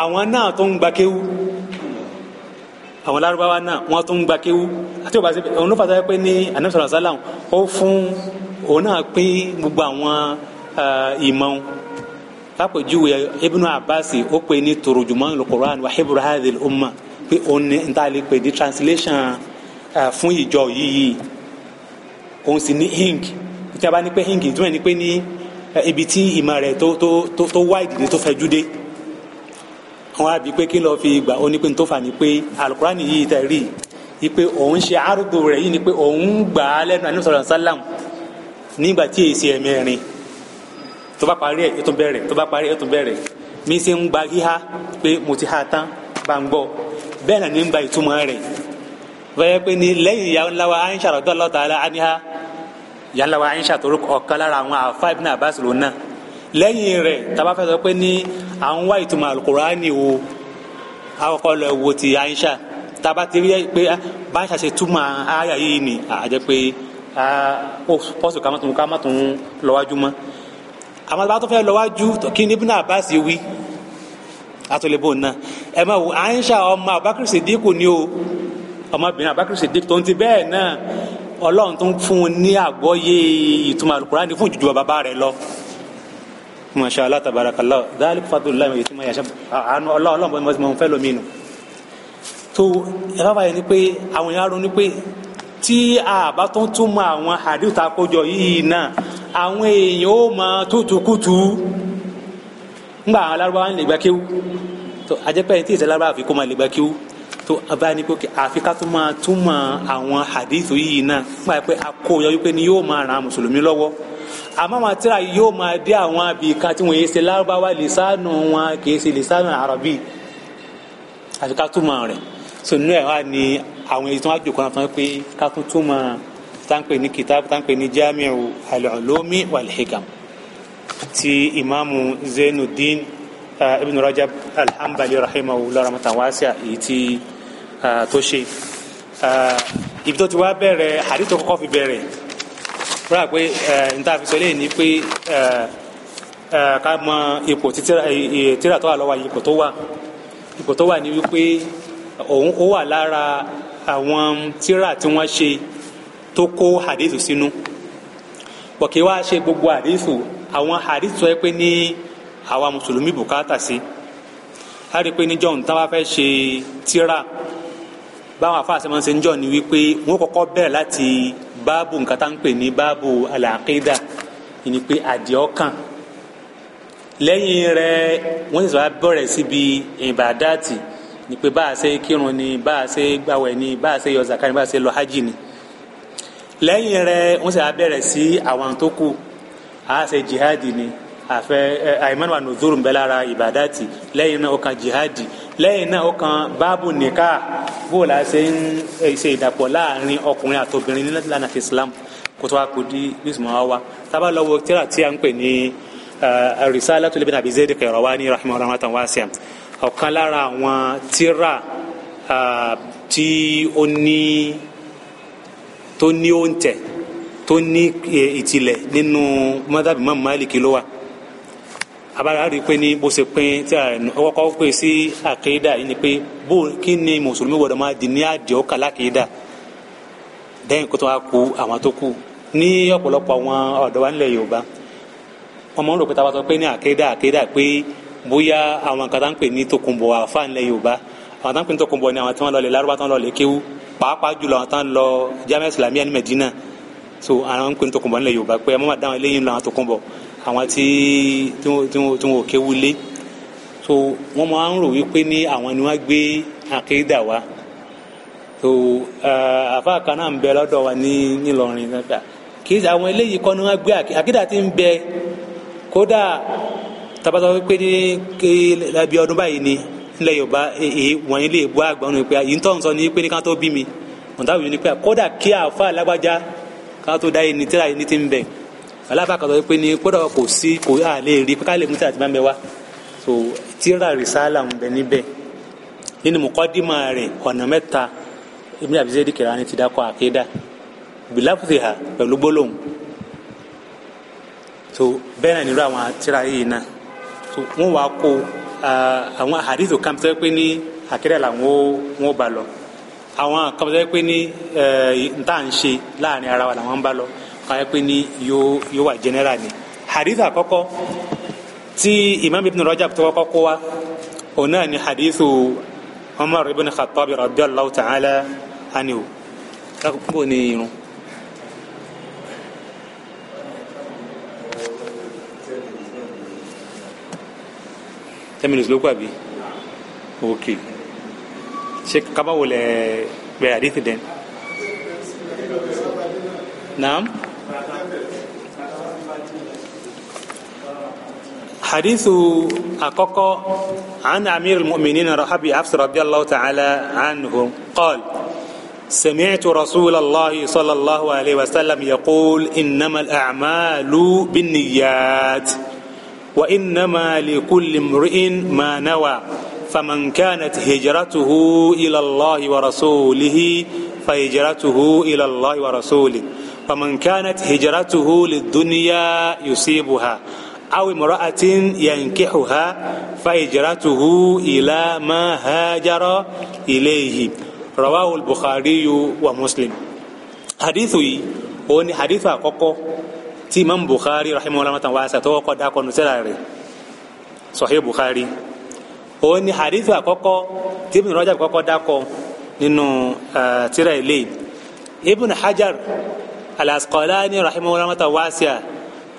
àwọn náà tó ń gba kéwú àwọn lárúbáwá náà wọ́n tó ń gba kéwú àti òbá sí òun ló fàtà pé ní anamsọ̀rọ̀ sálàm ó fún òun náà pín gbogbo àwọn ìmọ̀ lápèjúwe Ibn Abbas ó pè ní turjuman al-Qur'an wa hibru hadhihi al-umma pé òun ní ntaali pè ní translation fún ìjọ yìí òun sì ní hing tí a bá ní pé hing tí wọ́n ní pé ní. Eh, ibi tí ìmọ̀ rẹ̀ tó tó tó tó wá ìdílé tó fẹjú dé wọn á bí pé kí lọ́ọ́ fi gbà ó ní pé tó fà ní pé alukurani yìí tẹ̀ rí i pé òun ṣe arúgbó rẹ̀ yìí ni pé òun gbà á lẹ́nu àní sọ̀rọ̀ sálàm nígbà tí èsì ẹ̀mẹ́rin tó bá parí ẹ̀ tó bẹ̀rẹ̀ tó bá parí ẹ̀ tó bẹ̀rẹ̀ mi ṣe ń gba híhá pé mo ti há tán bá ń gbọ́ bẹ́ẹ̀ náà ní ń gba ìtumọ̀ rẹ̀ bẹ́ẹ̀ pé ní lẹ́yìn ìyá ńlá wa aisha rọ̀dọ́lọ́ta aláhánihá yàrá wa aisha torí ọ̀kan lára àwọn àfa ibn abbas ló náà lẹ́yìn rẹ̀ tàbá fẹ́ sọ pé ní à wá ìtumọ̀ alukurani o àkọ́kọ́ lọ wo ti aisha tàbá ti rí pé ah, bá aisha ṣe túmọ̀ àyà yìí ni àjẹ́ pé ah, pọ́sù ká má tún ká má tún lọ́wájú mọ́ àmọ́ tàbá tó fẹ́ lọ́wájú kí ni ibn abbas wí atolebo na ẹ ma wo aisha ọmọ abakar ni o ọmọbìnrin abakar tó ń ti bẹ́ẹ̀ náà ọlọ́run tó ń fún un ní àgbọ́yé ìtumọ̀ alukurani fún ìjùjú bàbá rẹ̀ lọ. masha allah tabarakallah dhalika fadlullahi yìí tí mo yàṣẹ àánú ọlọ́run bọ́ni mo ti mọ fẹ́ lómi nù. tó ẹ̀fọ́ báyìí ni pé àwọn èèyàn ronú pé tí àbá tó ń túmọ̀ àwọn hadith tá a kójọ yìí náà àwọn èèyàn ó mọ tútùkùtù ńgbà àwọn alárúbáwá ń lè gbà kíw tó ajẹ́pẹ́ tí fi kó máa lè gbà kíw tó abáyání pé àfi ká tuma máa túmọ̀ hadithu hadith yìí náà nígbà pé akóyọ wípé ni yóò máa ran mùsùlùmí lọ́wọ́ àmọ́ àwọn tíra yóò máa dé àwọn abìkan tí wọ́n yé ṣe lárúbáwá lìsánù wọn kì í ṣe lìsánù àràbí àfi ká túmọ̀ rẹ̀ so nínú ẹ̀ wa ni àwọn èyí tí wọ́n á jòkó náà fún pé ká tún túmọ̀ táǹpẹ̀ ní kìtàbù táǹpẹ̀ ní jamiu al-ulumi wal-hikam ti imaamu zainuddin uh, ibn rajab al-hanbali rahimahu lọ́rọ̀ mọ́tàwáṣà èyí tí. Ah, tó ṣe ah, ibi tó ti wá bẹ̀rẹ̀ hadith tó kọ́kọ́ fi bẹ̀rẹ̀ rárá pé eh, níta fi sọ eléyìí ni pé eh, eh, ká mọ ipò tíra tó wà lọ́wọ́ ipò tó wà ipò tó wà ní wípé òun ó wà lára àwọn tíra tí wọ́n ṣe tó kó hadith sínú bọ̀kì wá ṣe gbogbo hadith àwọn hadith tó yẹ pé ní àwa mùsùlùmí bùkátà sí a pé ní john táwa fẹ́ ṣe tíra báwọn afa àṣemọ ṣe ń jọ ni wípé wọn kọ́kọ́ bẹ̀rẹ̀ láti báàbù nǹkan tá ń pè ní báàbù alàkídà ìní pé àdìẹ ọkàn lẹ́yìn rẹ̀ wọn sì sọ bẹ̀rẹ̀ síbi ìbàdàtì ni pé bá a ṣe kírun ni bá ṣe gbàwẹ̀ ni bá ṣe yọ zakari bá ṣe lọ hajj ni lẹ́yìn rẹ̀ wọn sì bẹ̀rẹ̀ sí àwọn tó kù a ṣe jihadi ni àfẹ́ àìmánu wa nuzuru ń bẹ lára ìbàdàtì lẹ́yìn náà ó kan jihadi lẹ́yìn náà ó kan báàbù nìka bó la ṣe ń ṣe ìdàpọ̀ láàrin ọkùnrin àtobìnrin nílànà ti Islam kó tó wá kó di bísímọ̀ wá wa tábà lọ́wọ́ tíra tí a ń pè ní risalatu libin abi zayd Qayrawani rahimahullah rahmatan wasi'a ọ̀kan lára àwọn tíra tí ó ní tó ní oúnjẹ tó ní ìtìlẹ̀ nínú madhab Imam abala rí i pé ní bó ṣe pín tí a kọ́kọ́ pè sí àkéédà yìí ni pé bó kí ni mùsùlùmí gbọdọ̀ máa di ní àdìọ́ kà lákéédà dẹ́yìn kó tó wá ku àwọn tó kù ní ọ̀pọ̀lọpọ̀ àwọn ọ̀dọ́ wa nílẹ̀ Yorùbá wọn máa ń rò pé tábàtọ̀ pé ní àkéédà àkéédà pé bóyá àwọn kan tá ń pè ní tòkùnbọ̀ àfa nílẹ̀ Yorùbá àwọn tá ń pè ní tòkùnbọ̀ ni àwọn tí wọ́n lọ lè lárúbá tí wọ́n lọ lè kéwú pàápàá jùlọ Medina so àwọn ń pè ní tòkùnbọ̀ nílẹ̀ Yorùbá pé ẹ má dáhùn àwọn tí tí wọn ò kéwu lé so wọn máa ń rò wípé ní àwọn ni wọn gbé àkéèdà so àfa kan náà ń bẹ lọ́dọ̀ wa ní Ìlọrin nípa kì í ṣe àwọn eléyìí kọ́ ni wọ́n gbé àkéèdà tí ń bẹ kódà tabata wípé ní ké labi ọdún báyìí ni nílẹ̀ Yorùbá èyí e, e, wọ̀nyí lè bọ́ àgbà wọn pé yìí ń tọ́ ń ní pé ní ká tó bí mi ọ̀tá wìí ni pé kódà kí àfa alágbájá ká tó dá yìí ní tíra yìí ní ti ń bẹ. ala pé ní kódà kò sí kò á lè rí pé ká lè mú tí àti máa ń bẹ wá so tíra ń bẹ níbẹ̀ nínú rẹ̀ ọ̀nà mẹ́ta ibi àbí ti dákọ̀ àkédà bìláfùsìhà pẹ̀lú gbólóhùn so bẹ́ẹ̀ náà nírú àwọn tíra yìí náà so wọ́n wá kó àwọn àdìsò kan ara wa làwọn káyọ̀ pé ní yóò wà general ni hadith àkọ́kọ́ tí imam ibn rajab tó kọ́kọ́ kó wa òun náà ni hadithu umar ibn khattab radiyallahu ta'ala anhu kakúkú ní irun. ten minutes ló kú àbí ok ṣe kaba wò lẹ bẹ̀rẹ̀ hadith dẹ́n naam. حديث أقوق عن أمير المؤمنين رحبي عفس رضي الله تعالى عنه قال سمعت رسول الله صلى الله عليه وسلم يقول إنما الأعمال بالنيات وإنما لكل امرئ ما نوى فمن كانت هجرته إلى الله ورسوله فهجرته إلى الله ورسوله ومن كانت هجرته للدنيا يصيبها aw imra'atin yankihuha fa hijratuhu ila ma hajara ilayhi rawahu al-bukhari wa muslim hadithu yìí òun ni hadithu àkọ́kọ́ tí imam bukhari rahimahullah matan wa sàtọ́ kọ́ dákọ̀ nù sẹ́la rẹ̀ sahih bukhari òun ni hadithu àkọ́kọ́ tí ibn rajab kọ́kọ́ dákọ̀ nínú tírà ilé ibn hajar al-asqalani rahimahullah wa sàtọ́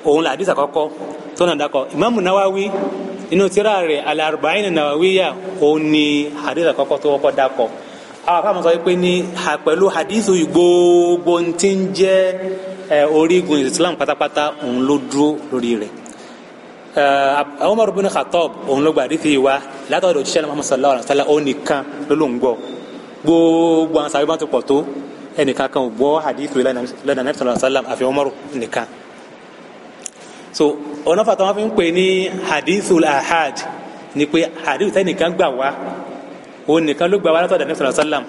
òun la hadithu àkọ́kọ́ tona dako ìmáàmù Nawawi inú tírà rẹ̀ al-arba'in an-nawawiyya òun ni hadith àkọ́kọ́ tó kọ́kọ́ dakọ̀ àwọn afáàmù sọ pé ní pẹ̀lú hadith yìí gbogbo ti ń jẹ́ orígun Islam pátápátá òun ló dúró lórí rẹ̀ Umar ibn Khattab òun ló gba hadith yìí látọ̀dọ̀ òjíṣẹ́ Muhammad sallallahu alaihi wasallam òun nìkan ló ló ń gbọ́ gbogbo àwọn sàbíbọn ti pọ̀ tó ẹnìkan kan ò gbọ́ hadith yìí lẹ́nu sallallahu alaihi wasallam àfi Umar nìkan so ọ̀nà fàtà wọn fi ń pè ní hadithul ahad ni pé hadith tẹ́nìkan gbà wá òun nìkan ló gbà wá látọ̀dọ̀ ní sọ̀rọ̀ sálàm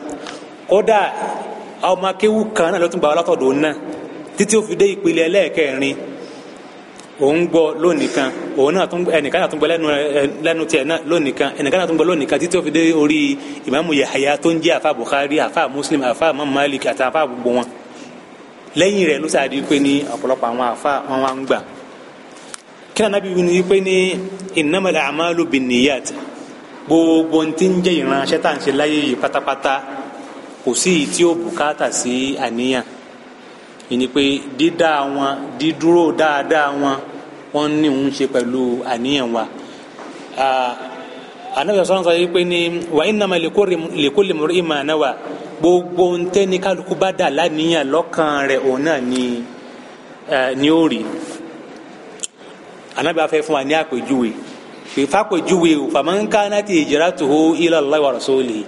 kódà ọmọ akéwù kan náà ló tún gbà wá látọ̀dọ̀ òun náà títí ó fi dé ìpele ẹlẹ́ẹ̀kẹrin òun gbọ́ lónìkan òun náà tún ẹnìkan náà tún gbọ́ lẹ́nu lẹ́nu tiẹ̀ náà lónìkan ẹnìkan náà tún gbọ́ lónìkan títí ó fi dé orí ìmáàmù Yahaya tó ń jẹ́ àfa Bukhari àfa Muslim àfa Malik àti àfa gbogbo wọn lẹ́yìn rẹ̀ ló sáà di pé ní ọ̀pọ̀lọpọ̀ àwọn àfa wọn wá ń gbà kí nàá bíbí ni pé ní innamal a'malu binniyat gbogbo ntí ń jẹ́ ìránṣẹ́ tá à ń ṣe láyé yìí pátápátá kò sí èyí tí ó bùkátà sí àníyàn ìní pé dídá wọn dídúró dáadáa wọn wọn ní òun ṣe pẹ̀lú àníyàn wa anabi sọ̀rọ̀ sọ pé ní wa innama likulli mur'in ma nawa gbogbo ntẹ́ni kálukú bá dà láníyàn lọ́kàn rẹ̀ òun náà ni ó rí. Uh, anabi afẹ́ fún wa ní àpèjúwe fífa àpèjúwe o faman kanati hijratuhu ila Allahi wa rasulihi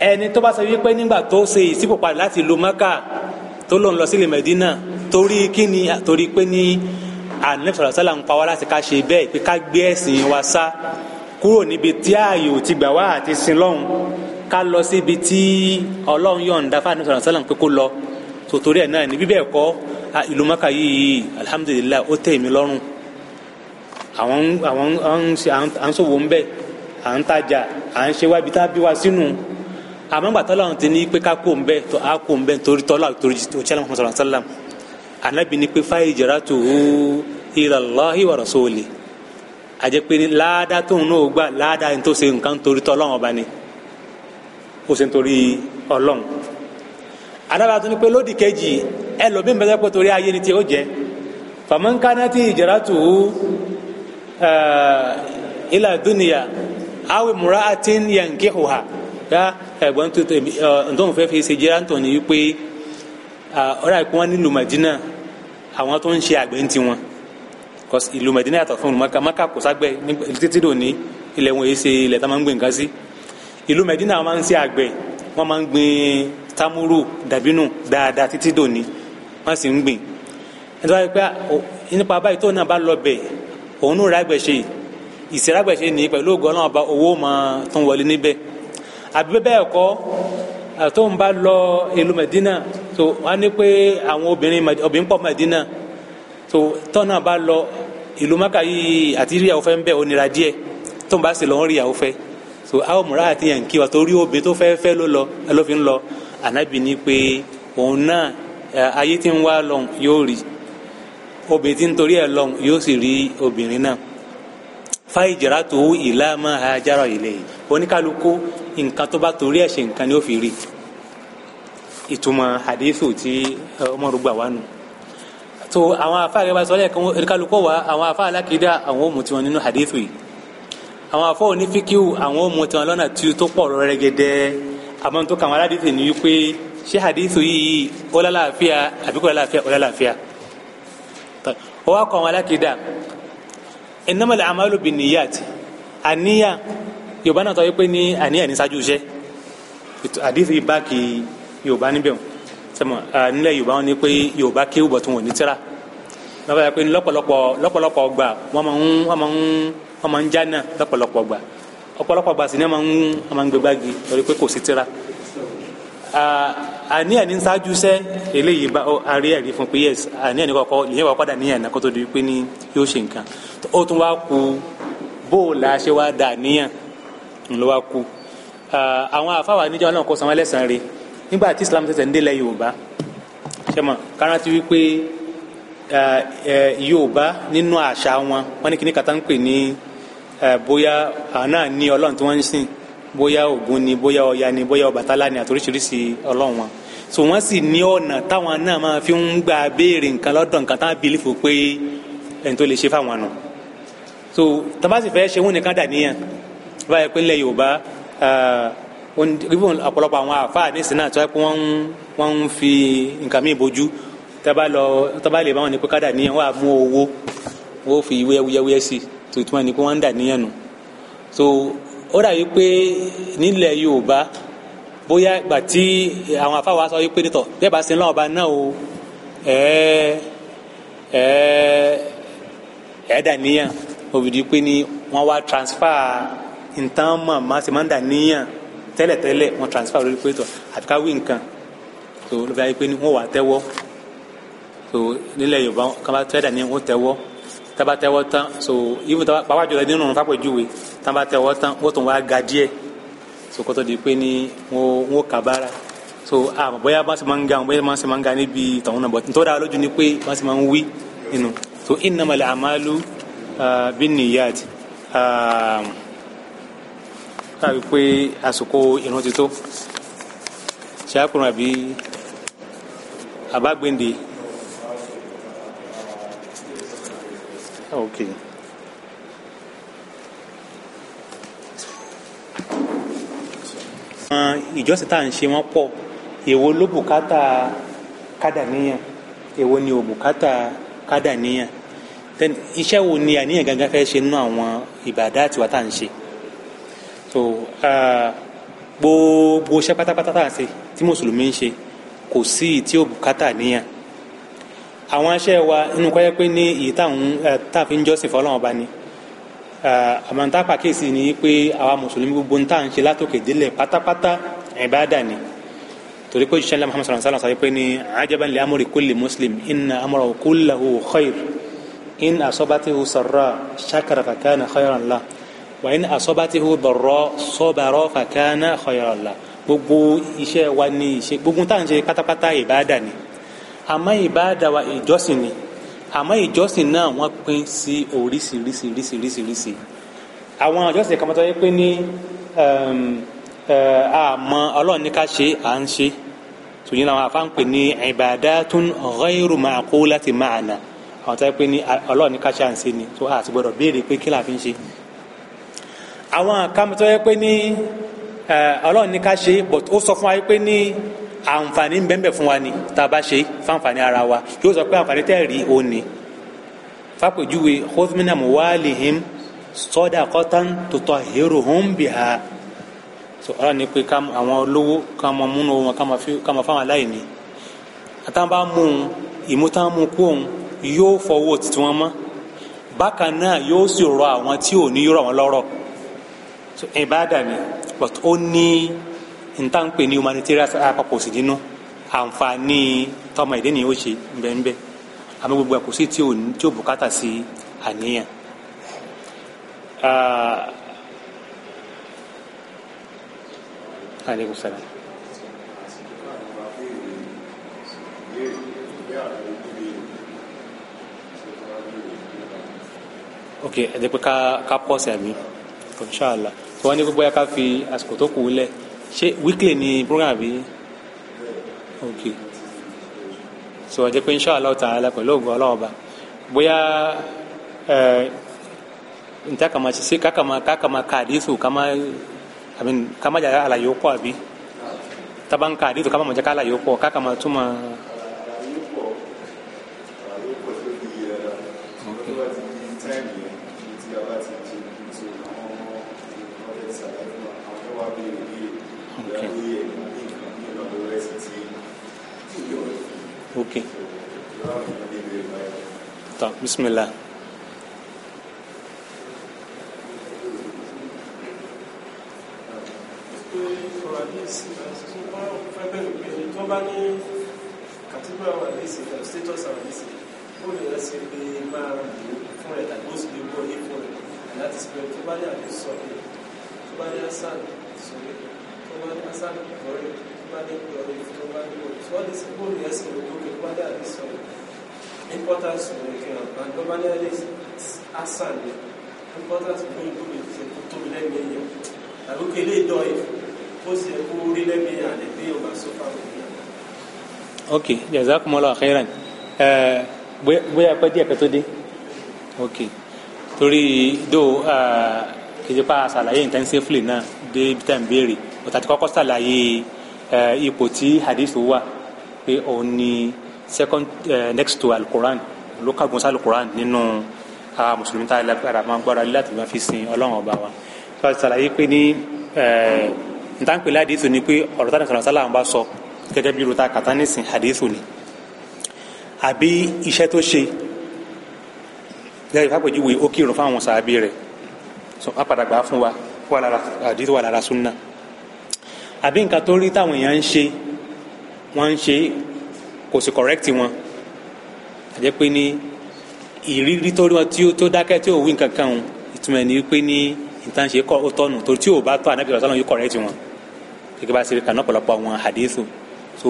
ẹni tó bá sọ wípé nígbà tó ṣe ìṣípòpadà láti lo Mẹ́kà tó lòun lọ sílẹ̀ Mẹ́dínà torí kíni torí pé ní anabi sọ̀rọ̀ sọ́la ń pa wá láti ká ṣe bẹ́ẹ̀ pé ká gbé ẹ̀sìn wa sá kúrò níbi tí ààyè ti gbà wá àti sin lọ́hùn ká lọ síbi tí ọlọ́run yọ̀ǹda fáwọn sọ̀rọ̀ sọ́la ń pé kó lọ tòtòrí ẹ̀ náà ní bíbẹ̀ ẹ̀kọ́ ìlú Mẹ́kà yìí alhamdulilayi ó tẹ̀ mí lọ́rùn àwọn àwọn ń ṣe à ń ṣòwò ń bẹ à ń tajà à ń ṣe wá ibi tá a bí wa sínú àmọ́ gbàtọ́ làwọn ti ní pé ká kó ń bẹ tó a kó ń bẹ torí tọ́lá torí òṣèlú Muhammad sallallahu alaihi wasallam anabi ni pé fahijratuhu ila Allahi wa rasuli àjẹ pé láàdá tóun náà gbà láàdá ní tó ṣe nǹkan torí tọ́lọ́wọ́n ọba ni ó ṣe nítorí ọlọ́run anabi àti ni pé lódì kejì ẹ lòmí mẹsẹ̀ pé torí ayé ni tí ó jẹ faman kanati hijratuhu. Uh, ilà dúnìyà awi mura'atin yankihuha ya ẹ̀gbọ́n tó tẹ̀mí ntọ́n uh, fẹ́ fi ṣe jẹ́ra ntọ́ ni wípé uh, ọ̀rọ̀ àìkú wọn nílùú Madina àwọn tó ń ṣe àgbẹ̀ ń tiwọn ìlú Madina yàtọ̀ fún Maka Maka kò ságbẹ́ títí dòní ilẹ̀ wọn yìí ṣe ilẹ̀ tá máa ń gbìn nǹkan sí ìlú Madina máa ń ṣe àgbẹ̀ wọn máa ń gbìn tamuru dàbínù dáadáa títí dòní wọn sì ń gbìn nípa báyìí tó náà bá lọ bẹ́ẹ̀ òun náà rà gbẹ̀ṣe ìsirà gbẹ̀ṣe ní pẹ̀lú ògùn ọlọ́run ọba owó máa tún wọlé níbẹ̀ àbí bẹ́ẹ̀ tó ń bá lọ ìlú Mẹ̀dínà tó wọ́n ní pé àwọn obìnrin obìnrin pọ̀ Mẹ̀dínà tó tọ́nà bá lọ ìlú Mẹ́kà yìí àti ríyàwó fẹ́ ń bẹ̀ ó díẹ̀ tó ń bá sì lọ ń a ó àti yàn kí wa obìnrin lọ lọ ànábì obìnrin tí ń torí ẹ̀ lọ yóò sì rí obìnrin náà fáìjìrá tó ìlà máa hajara ilé yìí oníkálukú nǹkan tó bá torí ẹ̀ ṣe nǹkan ni ó fi rí ìtumọ̀ hadithu tí ọmọrú gbà wá nù tó àwọn afa àgbẹ̀ bá sọ lẹ́ẹ̀kan oníkálukú wa àwọn afa alákìídá àwọn ò mú tiwọn nínú hadithu yìí àwọn afọ onífíkíw àwọn ò mú tiwọn lọ́nà tí tó pọ̀ rẹ́gẹ́dẹ́ àmọ́ tó kàwọn aládìsí ni wípé ṣé hadithu yìí ó lálàáfíà àbíkó lálàáfíà ó lálàáfíà ó wá kọ́ àwọn alákìídà innamal a'malu binniyat àníyàn yorùbá náà tọ́ yẹ pé ní àníyàn ní ṣáájú iṣẹ́ àdìsí báàkì yorùbá níbẹ̀ sẹ́mu nílẹ̀ yorùbá wọn ni pé yorùbá kéwù bọ̀ tó wọn ní tíra lọ́pọ̀ yẹ pé lọ́pọ̀lọpọ̀ lọ́pọ̀lọpọ̀ gbà wọ́n máa ń wọ́n máa ń wọ́n máa ń jáná lọ́pọ̀lọpọ̀ gbà ọ̀pọ̀lọpọ̀ gbà sí ni wọ́n máa ń wọ́n máa ń gbé báàgì lórí pé kò àníyàn ní ṣáájú sẹ́ eléyìí bá arí ẹ̀rí fún pé yes àníyàn ní kọ́kọ́ ìyẹn wà padà níyàn náà kó tó di pé ní yóò ṣe nǹkan ó tún wá ku bó a se wa dà níyàn ló ku àwọn àfáwà níjọ náà kó sanwó ẹlẹ́sàn rẹ̀ nígbà tí Islam ṣẹ̀ṣẹ̀ ń délẹ̀ Yorùbá ṣe mọ̀ kárántí wípé Yorùbá nínú àṣà wọn wọn ní kíní kàtà bóyá Ogun ni bóyá Ọya ni bóyá Ọbàtálá ni àtòríṣiríṣi ọlọ́run wọn so wọ́n sì ní ọ̀nà táwọn náà máa fi ń gba béèrè nǹkan lọ́dọ̀ nǹkan táwọn bìlífù pé ẹni tó lè ṣe fáwọn nù so tàbátì fẹ́ ṣe nìkan dà níyàn pé Yorùbá ọ̀pọ̀lọpọ̀ àwọn àfáà ní tó yẹ fi nǹkan lè bá wọn ní pé ká dà níyàn fi sí tó ìtumọ̀ ní pé wọ́n ń dà ó dàbí pé nílẹ̀ Yorùbá bóyá ìgbà tí àwọn afáwa sọ wípé nítọ̀ bẹ́ẹ̀ bá sin lọ́wọ́ ọba náà o ẹ̀ẹ́ ẹ̀ẹ́ ẹ̀ẹ́dà níyàn òbídìí pé ni wọ́n wá transfer nǹkan mọ̀ má ṣe má ń dà níyàn tẹ́lẹ̀tẹ́lẹ̀ wọ́n transfer lórí pé tọ̀ àti ká wí nǹkan tó ló fi pé ni wọ́n wà tẹ́wọ́ tó nílẹ̀ Yorùbá kan bá tẹ́lẹ̀ dà níyàn wọ́n tẹ́wọ́ tába tẹ́wọ́ tán so even tába pàápàá jùlọ nínú òun fàpèjúwe tába tẹ́wọ́ tán wọ́n tún wá ga díẹ̀ so kótó di pé ní wọ́n kàbára so àmọ́ bóyá bá ṣe máa ń ga bóyá bá ṣe máa ń ga níbi tọ̀hún náà bọ̀ tó dára ni pé bá ṣe máa ń wí so innamal a'malu binniyat káàbí pé àsìkò ìrun ti tó ṣe àkùnrin àbí àbágbèǹde. Okay. ìjọsìn tá à ń ṣe wọ́n pọ̀ èwo ló bùkátà kádà níyàn èwo ni ò bùkátà kádà níyàn then iṣẹ́ wo ni àníyàn gangan fẹ́ ṣe nínú àwọn ìbàdá àtiwá tá à ń ṣe so gbogbo iṣẹ́ pátápátá tá à ń ṣe tí mùsùlùmí ń ṣe kò sí tí ò bùkátà níyàn àwọn aṣẹ́ wa inú kọ́ yẹ pé ní èyí táwọn tá a eh, fi ń jọ́sìn fọlọ́wọ́n bá ní eh, àmọ́ntá pàkíyèsí ni pé àwa mùsùlùmí gbogbo ń tà ń ṣe látòkè délẹ̀ pátápátá ìbádà ni torí pé jíṣẹ́ ńlá muhammed sallallahu sọ pé ní ajaban li amri kulli muslim inna amrahu kullahu khair in asabatihu sarra shakara fakana khayran la wa in asabatihu darra sabara fakana khayran la gbogbo iṣẹ́ wa ni iṣẹ́ gbogbo ń tà ń ṣe pátápátá ìbádà ni àmọ́ ìbáàdà wa ìjọsìn ni àmọ́ ìjọsìn náà wọ́n pín sí oríṣiríṣiríṣiríṣiríṣi àwọn ìjọsìn kan tó yẹ pé ní àmọ́ ọlọ́run ní ká ṣe à ń ṣe tòyìn làwọn afáàn pè ní ibadatun ghayru ma'qulati ma'na àwọn tó yẹ pé ní ọlọ́run ní ká ṣe à ń ṣe ni tó àti gbọdọ̀ béèrè pé kí la ṣe àwọn àkàmì tó yẹ pé ní ọlọ́run ní ká ṣe but ó sọ fún wa pé ní àǹfààní bẹ́ẹ̀ fún wa ni tá a bá ṣe fáǹfààní ara wa yóò sọ pé àǹfààní tẹ́ rí o ni fàpèjúwe khudhmina muwalihim sadaqatan tutahhiruhum biha ọ̀rọ̀ ni pé àwọn olówó ká máa múnú wọn ká máa fáwọn aláìní àtàwọn bá mú un ìmútàmú kú òun yóò fọwọ́ títí wọn mọ́ bákan náà yóò sì rọ àwọn tí ò ní rọ̀ wọn lọ́rọ̀ ìbáàdà ni but ó ní nta ń pè ní humanitarian purpose nínú àǹfààní tọmọ ìdí nìyẹn ó ṣe nbẹ́nbẹ́ àmọ́ gbogbo ẹ̀ kò sí tí ò bùkátà sí àníyàn. Ah, aleykum salaam. ok ẹ jẹ́ pé ká pọ̀ sí àmì inshallah tí wọ́n ní gbogbo ya ká fi àsìkò tó kù lẹ̀ ṣé weekly ni program bí ok so ọjọ́ pé inshallah ta'ala pẹ̀lú ògùn ọlọ́ọ̀ba bóyá nta kama ṣe kakama kakama káàdì so kama i mean kama jẹ àlàyé pọ̀ àbí tabanka àdìsù kama mọ̀jẹ́ ká àlàyé pọ̀ kakama túmọ̀. lókè. tán bísímìlá. tó bá planning your life, your planning your life. All these people here say, okay, what are these uh, importance of the camp? And normally at least it's asan. Importance of doing good is to to be like me. And okay, they do it. Post the poor really me and the day of my sofa. Okay, jazakumullah khairan. Eh, bóyá pẹ́ díẹ̀ pẹ́ tó dé. Ok. Torí dó eh, kìí pa àṣàlàyé intensively na de bí tẹ̀ ń béèrè. Òtàtí kọ́kọ́ ṣàlàyé. Eh, ipò tí hadithu wà pé òun ni second uh, next to alukoran ló kàgùn sí alukoran nínú ara mùsùlùmí tá a lágbára máa gbára láti máa fi sin ọlọ́run ọba wa tó a ti ṣàlàyé pé ní eh, ntànpẹ̀lẹ̀ hadithu ni pé ọ̀rọ̀ tánà sọ̀rọ̀ sálà ń bá sọ gẹ́gẹ́ bí ruta kàtá nísìn hadithu ni àbí iṣẹ́ tó ṣe gẹ́gẹ́ fàpèjúwe ó kírun fáwọn sàábì rẹ̀ so apàdàgbà fún wa wà lára hadithu wà lára sunna àbí nǹkan tó rí táwọn èèyàn ń ṣe wọ́n ń ṣe kò sì kọ̀rẹ́kìtì wọn àjẹ́ pé ní ìrírí tó rí wọn tí ó dákẹ́ tí ò wí nǹkan kan ìtumọ̀ ni pé ní ìtànṣe kọ́ ó tọ́nu torí tí ò bá tọ́ ànábìyàn sálọ̀ yóò kọ̀rẹ́kìtì wọn gẹ́gẹ́ bá ṣe rí kànáà pọ̀lọpọ̀ àwọn àdéhùn so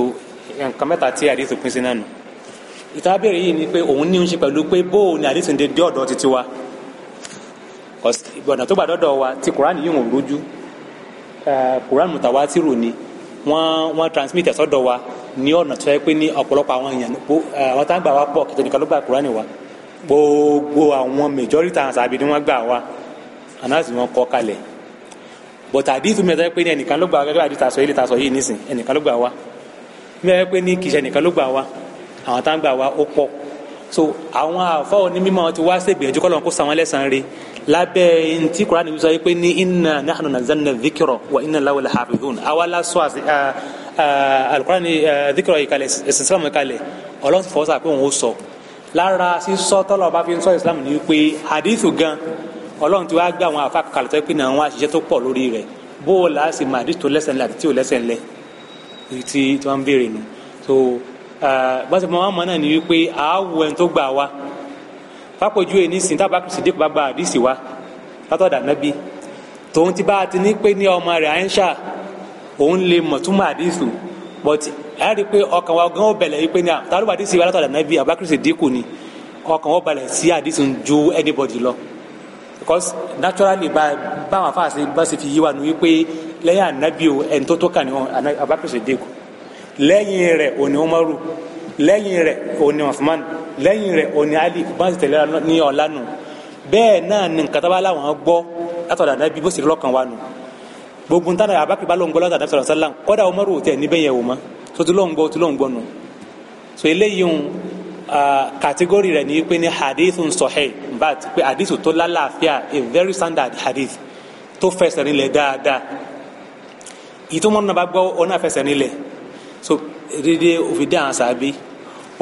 nǹkan mẹ́ta tí àdéhùn pín sí náà nù ìta yìí ni pé òun ní ń ṣe pẹ̀lú pé bóò ni àdéhùn dé dé ọ̀dọ̀ titi wa wa ti Kùránì yìí Quran mutawatiru ni wọ́n wọ́n transmit ẹ̀ sọ́dọ̀ wa ní ọ̀nà tó yẹ pé ní ọ̀pọ̀lọpọ̀ àwọn èèyàn àwọn tá à ń gbà wá pọ̀ kìtẹ́ nìkan ló gba Quran wa gbogbo àwọn majority àwọn sàbí ni wọ́n gbà wá anasi wọn kọ kalẹ̀ but àdìsù mi ẹ̀ sọ́yẹ́ pé ní ẹnìkan ló gbà wá gẹ́gẹ́ àdìsù àsọ yìí lè ta sọ yìí nísìn ẹnìkan ló gbà wá mi ẹ̀ pé ní kìsẹ̀ ẹnìkan ló gbà wá àwọn tá à ń gbà wá ó pọ̀ so àwọn àfọwọ́ ní mímọ́ ti wá ṣègbìyànjú kọ́ lábẹ́ ntí Kùránì wíwá yìí pé ní inna nahnu nazzalna dhikra wa inna lahu lahafidhun àwa lásọ Al-Kùránì dhikra yìí kalẹ̀ ẹ̀sìn Islam yìí kalẹ̀ Ọlọ́run ti fọwọ́sà pé òun ó sọ lára sísọ tọ́lọ̀ bá fi ń sọ Islam ni wípé hadithu gan Ọlọ́run ti wá gbé àwọn àfa kàlùtọ́ pé náà wọ́n á tó pọ̀ lórí rẹ̀ bó o là á sì hadithu lẹ́sẹ̀ ńlẹ̀ àti tí ò lẹ́sẹ̀ ńlẹ̀ tí wọ́n ń béèrè nù fàpọ̀jù ẹ̀ ní sìn tábàkì sídìk bá gba àdìsí wa látọ̀dà nábì tòun ti bá a ti ní pé ní ọmọ rẹ̀ àyínṣà òun lè mọ̀ túmọ̀ àdìsí but a rí i pé ọkàn wa gan ó bẹ̀lẹ̀ yìí pé ní àtàlùbọ̀ àdìsí wa látọ̀dà nábì àbákì sídìk ni ọkàn wa balẹ̀ sí àdìsí ju anybody lọ because naturally bá báwọn afáàsì bá ṣe fi yí wa nu wípé lẹ́yìn ànábì o ẹni tó tó kà ní àbákì sídìk lẹ́yìn rẹ̀ òní Umaru lẹ́yìn rẹ̀ òní Uthman lẹ́yìn rẹ̀ òní ali bá ń tẹ̀lé ní ọ̀lànà bẹ́ẹ̀ náà ni nǹkan tá bá láwọn gbọ́ látọ̀dọ̀ ànábi bó sì lọ́kàn wa nù gbogbo ntana abakiri bá lóun gbọ́ látọ̀dọ̀ ànábi sọ̀rọ̀ sálàm kọ́dà Umaru tẹ̀ níbẹ̀ yẹn wò so tó ti lóun gbọ́ tó lóun gbọ́ nù so eléyìí ń kàtígórì rẹ̀ ní pé ní hadith ń sọ̀hẹ́ but pé hadith tó lálàáfíà a very standard hadith tó fẹsẹ̀ nílẹ̀ dáadáa ìtumọ̀ náà bá gbọ́ ọ náà fẹsẹ̀ nílẹ̀ so dédé òfin dé àwọn sàbí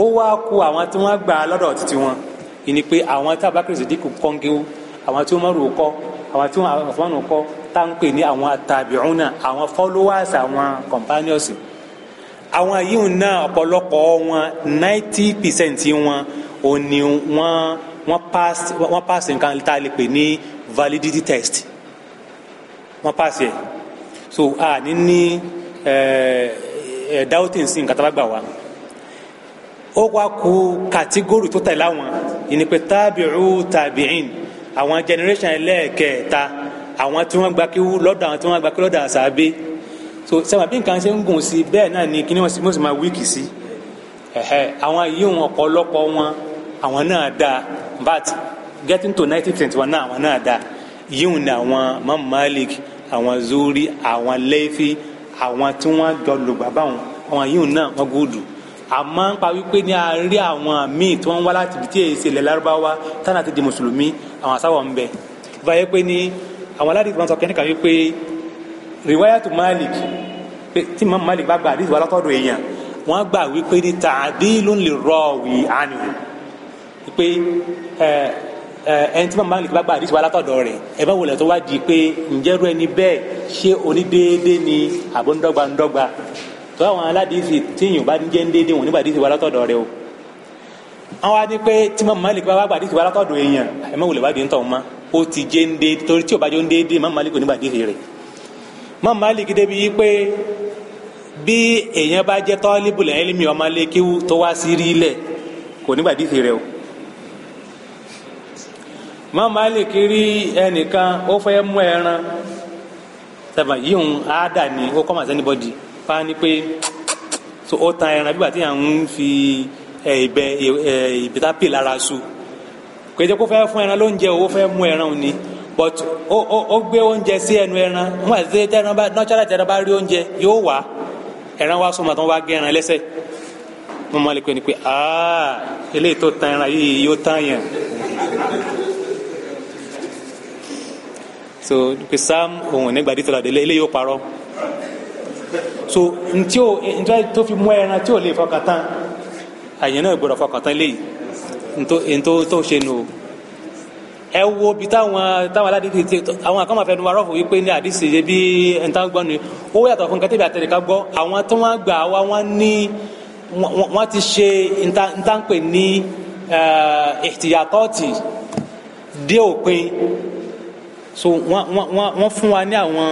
ó wá ku àwọn tí wọ́n gbà lọ́dọ̀ títí wọn ìní pé àwọn tí abakiri sèdíkù kọ́ngéwó àwọn tí Umaru kọ́ àwọn tí Uthmanu kọ́ tá ń ní àwọn tabi'una àwọn followers àwọn companions àwọn yìí náà ọ̀pọ̀lọpọ̀ wọn ninety percent wọn ò ní wọn wọn pass wọn pass nǹkan tá a lè pè ní validity test wọn pass yẹ so a ní ní ẹ eh, ẹ eh, doubting sí nǹkan tá a bá gbà wá ó wá kó kàtígórì tó tẹ̀lé àwọn ìnípe tábìrú tàbíìn àwọn generation ẹlẹ́ẹ̀kẹta àwọn tí wọ́n gba kí lọ́dọ̀ àwọn tí wọ́n gba kí lọ́dọ̀ àṣàbí so sẹ́wọ̀n bí nǹkan ṣe ń gùn sí bẹ́ẹ̀ náà ni kíní wọ́n sì mọ̀ọ́sì máa wíìkì sí ẹ̀hẹ́ àwọn yìí wọn ọ̀pọ̀lọpọ̀ wọn àwọn náà dáa but getting to nineteen twenty one náà àwọn náà dáa yíwọn ni àwọn Imam àwọn Zuri àwọn Lefi àwọn tí wọ́n jọ lògbà báwọn àwọn yìí náà wọ́n gúdù àmọ́ ń pa wípé ní àárí àwọn míì tí wọ́n ń wá láti ibi tí èyí ṣe ilẹ̀ lárúbáwá tánà ti di mùsùlùmí àwọn àsáwọ̀ ń bẹ báyé pé ní àwọn aládìí tí wọ́n sọ kẹ́nìkan wípé riwayatu Malik pé tí mọ́ Malik bá gba àdìsí wa látọ̀dọ̀ èèyàn wọ́n gbà wípé ní ta'dilun lirrawi anhu pé ẹni tí mọ́ Malik bá gba àdìsí wa látọ̀dọ̀ rẹ̀ ẹ bá wọlé tó wá di pé ǹjẹ́ rú tó àwọn aládìsí tíyìn bá ń jẹ́ ń wọn nígbà wa látọ̀dọ̀ rẹ o àwọn adi pé tí bá wà gbà díìsí wa látọ̀dọ̀ èèyàn ẹ̀ wá di ń tọ̀ wọn ó ti jẹ́ ń déédéé torí tí ò bá jọ ń déédéé Imam Malik nígbà díìsí rẹ̀ Imam Malik débi yí pé bí èèyàn bá jẹ́ ọmọ tó wá sí rí lẹ̀ kò nígbà o Imam Malik rí ẹnìkan ó fẹ́ pa ni pé so ó tan ẹran bíbà tí à ń fi ìbẹ ìbíta pè lára su kò jẹ́ fẹ́ fún ẹran lóúnjẹ owó fẹ́ mú ẹran ni but ó gbé oúnjẹ sí ẹnu ẹran wọn àti tẹran bá nọtsara tẹran bá rí oúnjẹ yóò wá ẹran wá sọmọ tó wá gé ẹran lẹ́sẹ̀ mo máa le pe ni tan ẹran yìí yóò tan yẹn so sam so ntí o ntí o tó fi mú ẹran tí o lè fọkàn tán àyàn náà gbọ́dọ̀ fọkàn tán léyìí ntó tó ṣe nù o ẹ wo bi táwọn táwọn aládìsí ti àwọn àkànmọ̀ fẹnu wa rọ́ọ̀fù wípé ní àdìsí yẹ bí ẹ̀ńtà gbọ́ ni ó yàtọ̀ fún kẹ́tẹ́bí àtẹ̀lẹ́ká gbọ́ àwọn tó wọ́n gbà wa wọ́n ní wọ́n ti ṣe ntánpẹ̀ ní ìtìyàtọ́ọ̀tì dé òpin so wọ́n fún wa ní àwọn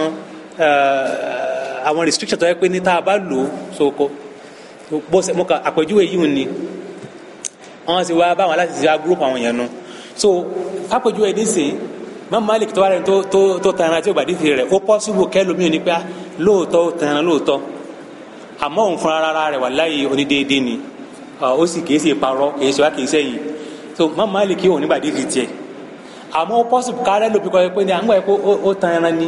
àwọn restriction tó yẹ pé ní tá a bá lò ó sóko bó ṣe mo kà àpèjúwe yìí ni wọn sì wá báwọn aláṣẹ ti wá group àwọn yẹn nu so àpèjúwe ní sè mọ Malik tó wà lẹnu tó tó tó tanra tí ó gbàdí fi rẹ ó possible kẹlòmíì ní pé ah, lóòótọ́ ó tanra lóòótọ́ àmọ́ òun fúnra rárá rẹ̀ wà láyé onídéédé ni ó sì kìí ṣe parọ́ kìí ṣe wá kìí ṣe yìí so mọ Malik òun nígbàdí fi tiẹ̀ àmọ́ ó possible kárẹ́ lóbi kọ́ ẹ pé ní à ń gbà pé ó tanra ni.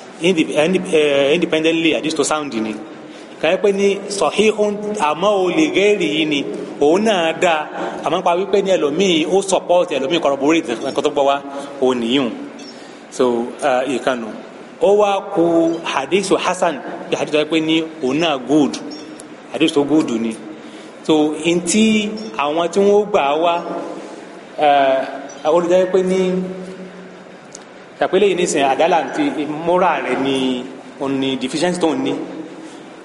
Eh, independently at least to sound ni kàyẹ́ pé ní sọ̀híhún àmọ́ o lè gẹ́rì yìí ni òun náà dáa àmọ́ pa wípé ní ẹlòmíì ó support ẹlòmíì corroborate nǹkan tó gbọ́ wá òun nìyíùn so uh, ìkànnù ó wá ku hadithu hasan bí hadithu wáyé pé ní òun náà good hadithu to good ni so ntí àwọn tí wọ́n gbà wá olùdarí uh, pé ní. Uh, tàpẹ́lẹ́ yìí nísìnyí àdálà ti moral rẹ̀ ni òun ni deficiency tó ń ní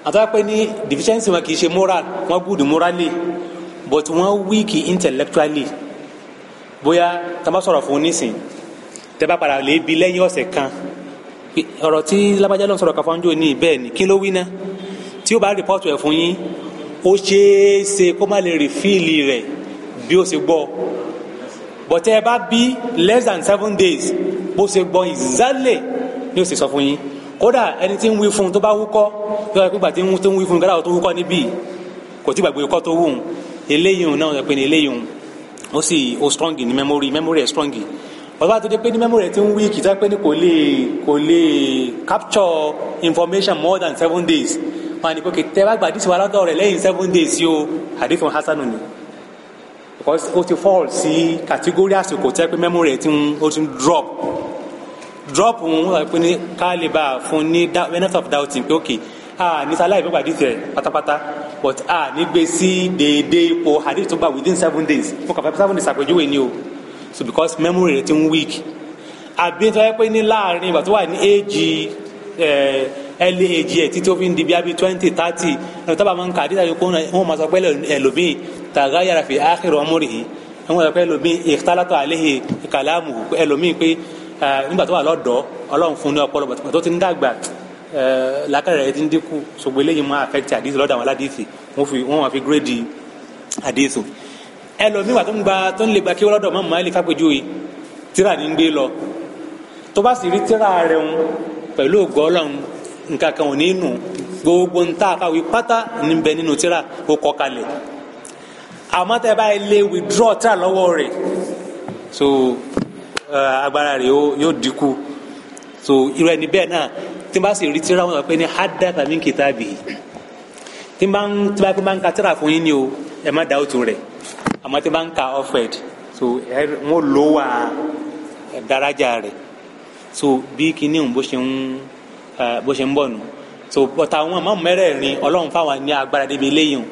àtàpẹ́ ní deficiency wọn kì í ṣe moral wọn good morally but wọn weak intellectually bóyá tábà sọ̀rọ̀ fún un nísìn tẹ́ bá padà lè bi lẹ́yìn ọ̀sẹ̀ kan ọ̀rọ̀ tí lábájá ló ń sọ̀rọ̀ kàfọ́njò ní bẹ́ẹ̀ ni kí ló wí náà tí ó bá rìpọ́tù ẹ̀ fún yín ó ṣeé ṣe kó má lè rìfíìlì rẹ̀ bí ó ṣe gbọ́ bọ̀tẹ́ ẹ bá bí less than seven days bó ṣe gbọ́ ìzálẹ̀ ni ó ṣe sọ fún yín kódà ẹni tí ń wí fún un tó bá wúkọ́ tó bá gbà tí ń wí fún un gádà tó wúkọ́ níbí kò tí gbàgbé kọ́ tó wù ún eléyìí òun náà pé ní eléyìí òun ó sì ó strong ní memory memory ẹ̀ strong bọ́dọ̀ bá tó dé pé ní memory ẹ̀ ti ń wí kìí tó pé ní kò lè kò lè capture information more than seven days wọn à ní pé kìí tẹ́ bá gbà dísìwá látọ̀ rẹ̀ lẹ́yìn seven days yóò àdéhùn hasanu ni because ó ti fall sí category àsìkò tẹ́ pé memory rẹ̀ ti ń ó ti ń drop drop ń pè ní kálíbà fún ní benefit of doubting pé ok a ní sáláì fẹ́ gbàdí tẹ̀ pátápátá but a ní gbé sí déédé ipò hadith tó gbà within seven days mo kàn fẹ́ seven days àpèjúwe ni o so because memory rẹ̀ ti ń weak àbí tó yẹ pé ní láàrin ìgbà tó wà ní éèjì ẹlẹ́ èjì ẹ̀ títí ó fi ń di bí i twenty thirty ẹ̀ tó bá máa ń kà àdìsá yòókù wọn máa sọ pé ẹlòmíì tagayara fi akhiru amurihi ẹ wọ́n sọ pé ẹlòmíì ìtàlátọ̀ àlehi kàlámù ẹlòmíì pé nígbà tó wà lọ́dọ̀ ọlọ́run fún ní ọpọlọ bàtà tó ti ń dàgbà làákàrẹ̀ rẹ̀ ti ń dínkù ṣùgbọ́n eléyìí máa affect àdìsí lọ́dọ̀ àwọn aládìsí wọ́n máa fi gírèdì àdìsí. ẹlòmíì wà tó ń gba tó ń lè gba kí wọ́n lọ́dọ̀ mọ́mọ́ ẹ̀lì kápẹ́jùwe tíra ní ń gbé lọ tó bá sì rí tíra rẹ̀ ń pẹ̀lú ògbọ́ ọlọ́run nǹkan kan ò ní nù gbogbo ń tá ní bẹ nínú tíra ó kọ kalẹ̀ àmọ́ tẹ́ báyìí lè withdraw tà lọ́wọ́ rẹ̀ so uh, agbára rẹ̀ yóò dínkù so irú ẹni bẹ́ẹ̀ náà tí n bá sì rí tíra wọn pé ní hadatha min kitabihi tí n bá ń tí bá pé máa ń ka tíra fún yín ni o ẹ má da òtún rẹ̀ àmọ́ tí n bá ń ka offered so ẹ wọ́n lò wà daraja rẹ̀ so bí kinní bó ṣe ń uh, bó ṣe ń bọ̀ nù so bọ̀tà àwọn ọmọ mẹ́rẹ̀ẹ̀rin ọlọ́run fáwọn ní agbára débi eléyìí o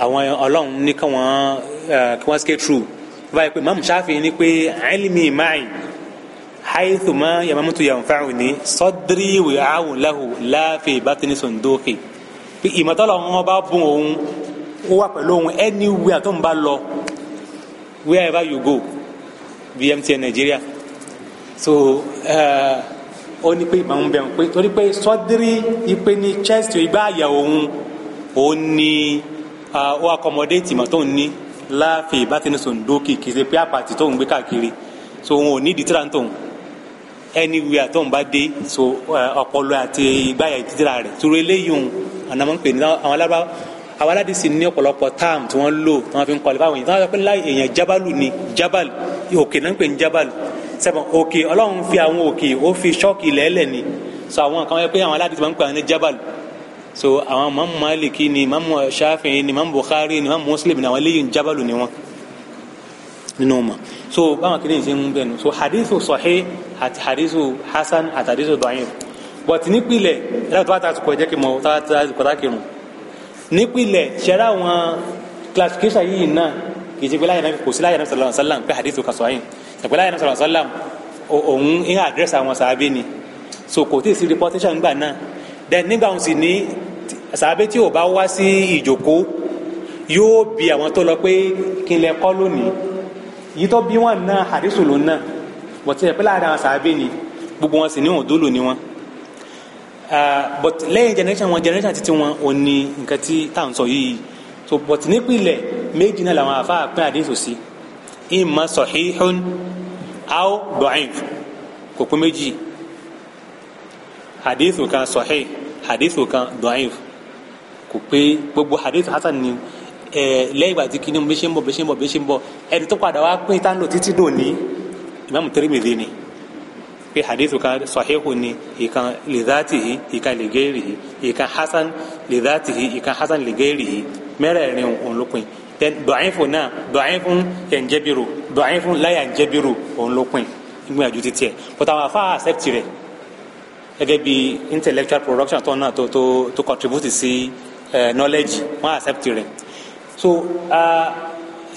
àwọn ọlọ́run ní kí wọ́n kí wọ́n skate through báyìí pé Imam Shafi'i ní pé ilmi ma'i haythuma yamamutu yanfa'uni sadri wi'a'un lahu la fi batni sunduqi pé ìmọ̀tọ́lọ̀ wọn bá bùn òun ó wà pẹ̀lú òun anywhere tó ń bá lọ wherever you go bí Nigeria so ó ní pé ìmọ̀ ń bẹ̀rù pé torí pé sọ́dírí ipe ní chest ìgbà àyà òun òun ní ó accommodate ìmọ̀ tó ń ní láàfin ìbátan sòǹdókì kì í ṣe pé àpàtì tó ń gbé káàkiri so wọn ò ní ìdí tíra tó ń anywhere tó ń bá dé so ọpọlọ àti ìgbáyà ìdíra rẹ̀ turu eléyìí òun àná máa ń pè ní àwọn alábá àwọn aládìsí ní ọ̀pọ̀lọpọ̀ táàmù tí wọ́n lò tí wọ́n fi ń kọ́lé báwọn èèyàn tí wọ́n sọ pé láì èèyàn jábàlù ni jábàlù òkè náà ń pè ní jábàlù sẹ́fọ̀n òkè ọlọ́run fi àwọn òkè ó fi ṣọ́ọ̀kì lẹ́lẹ̀ ni so àwọn kan wọ́n pé àwọn aládìsí máa ń pè àwọn ní jábàlù so àwọn mamu maliki ni mamu shafi'i ni mamu bukhari ni mamu muslim ni àwọn eléyìí jabalu ni wọn nínú wọn so báwọn kìnìún ṣe ń bẹnu so hadithu sahih àti hadithu hasan àti hadithu da'if but nípìlẹ̀ ẹ̀rọ tó bá ta kọ̀ jẹ́ kí mo ta ta kọ̀tà kírun nípìlẹ̀ ṣẹ̀rá àwọn classification yìí náà kì í ṣe pé láyé náà kò sí láyé náà sallallahu alaihi wasallam pé hadithu kan sahih ṣàpẹ́ láyé náà sallallahu alaihi wasallam òun ń àdírẹ́sì àwọn sàábé ni so kò tí ì sí reportation gbà náà then nígbà wọn sì ní sàbẹ tí ò bá wá sí ìjòkó yóò bi àwọn tó lọ pé kí n lè kọ́ lónìí yìí tó bí wọn náà àdísù náà bọ̀tí ẹ̀ láàrin àwọn sàbẹ ni gbogbo wọn sì ní òdòlò ni wọn but lẹ́yìn generation wọn generation títí wọn ò ní nǹkan tí tá à ń sọ yìí so but nípìnlẹ̀ méjì náà làwọn àfa àpín àdísù sí ìmọ̀ sọ̀híhún áó dọ̀ìn kò pín méjì àdísù kan sọ̀híhún hadithu kan da'if kò pé gbogbo hadithu hasan ni ẹ lẹ́yìn ìgbà tí kìíní bí ṣe ń bọ̀ bí ṣe ń bọ̀ bí ṣe ń bọ̀ ẹni tó padà wá pín tá lò títí dòní imam Tirmidhi ni pé hadithu kan sahihu ni ìkan lidhatihi ìkan lighairihi ìkan hasan lidhatihi ìkan hasan lighairihi mẹ́rẹ̀ẹ̀rin òun ló pín then dọ̀ọ́yìnfún náà dọ̀ọ́yìnfún yanjabiru dọ̀ọ́yìnfún la yanjabiru òun ló pín ìgbìyànjú títí ẹ̀ pọ̀tàwọn afá accept rẹ̀ gẹ́gẹ́ bí intellectual production tó náà tó tó tó contribute sí knowledge wọ́n accept rẹ̀ so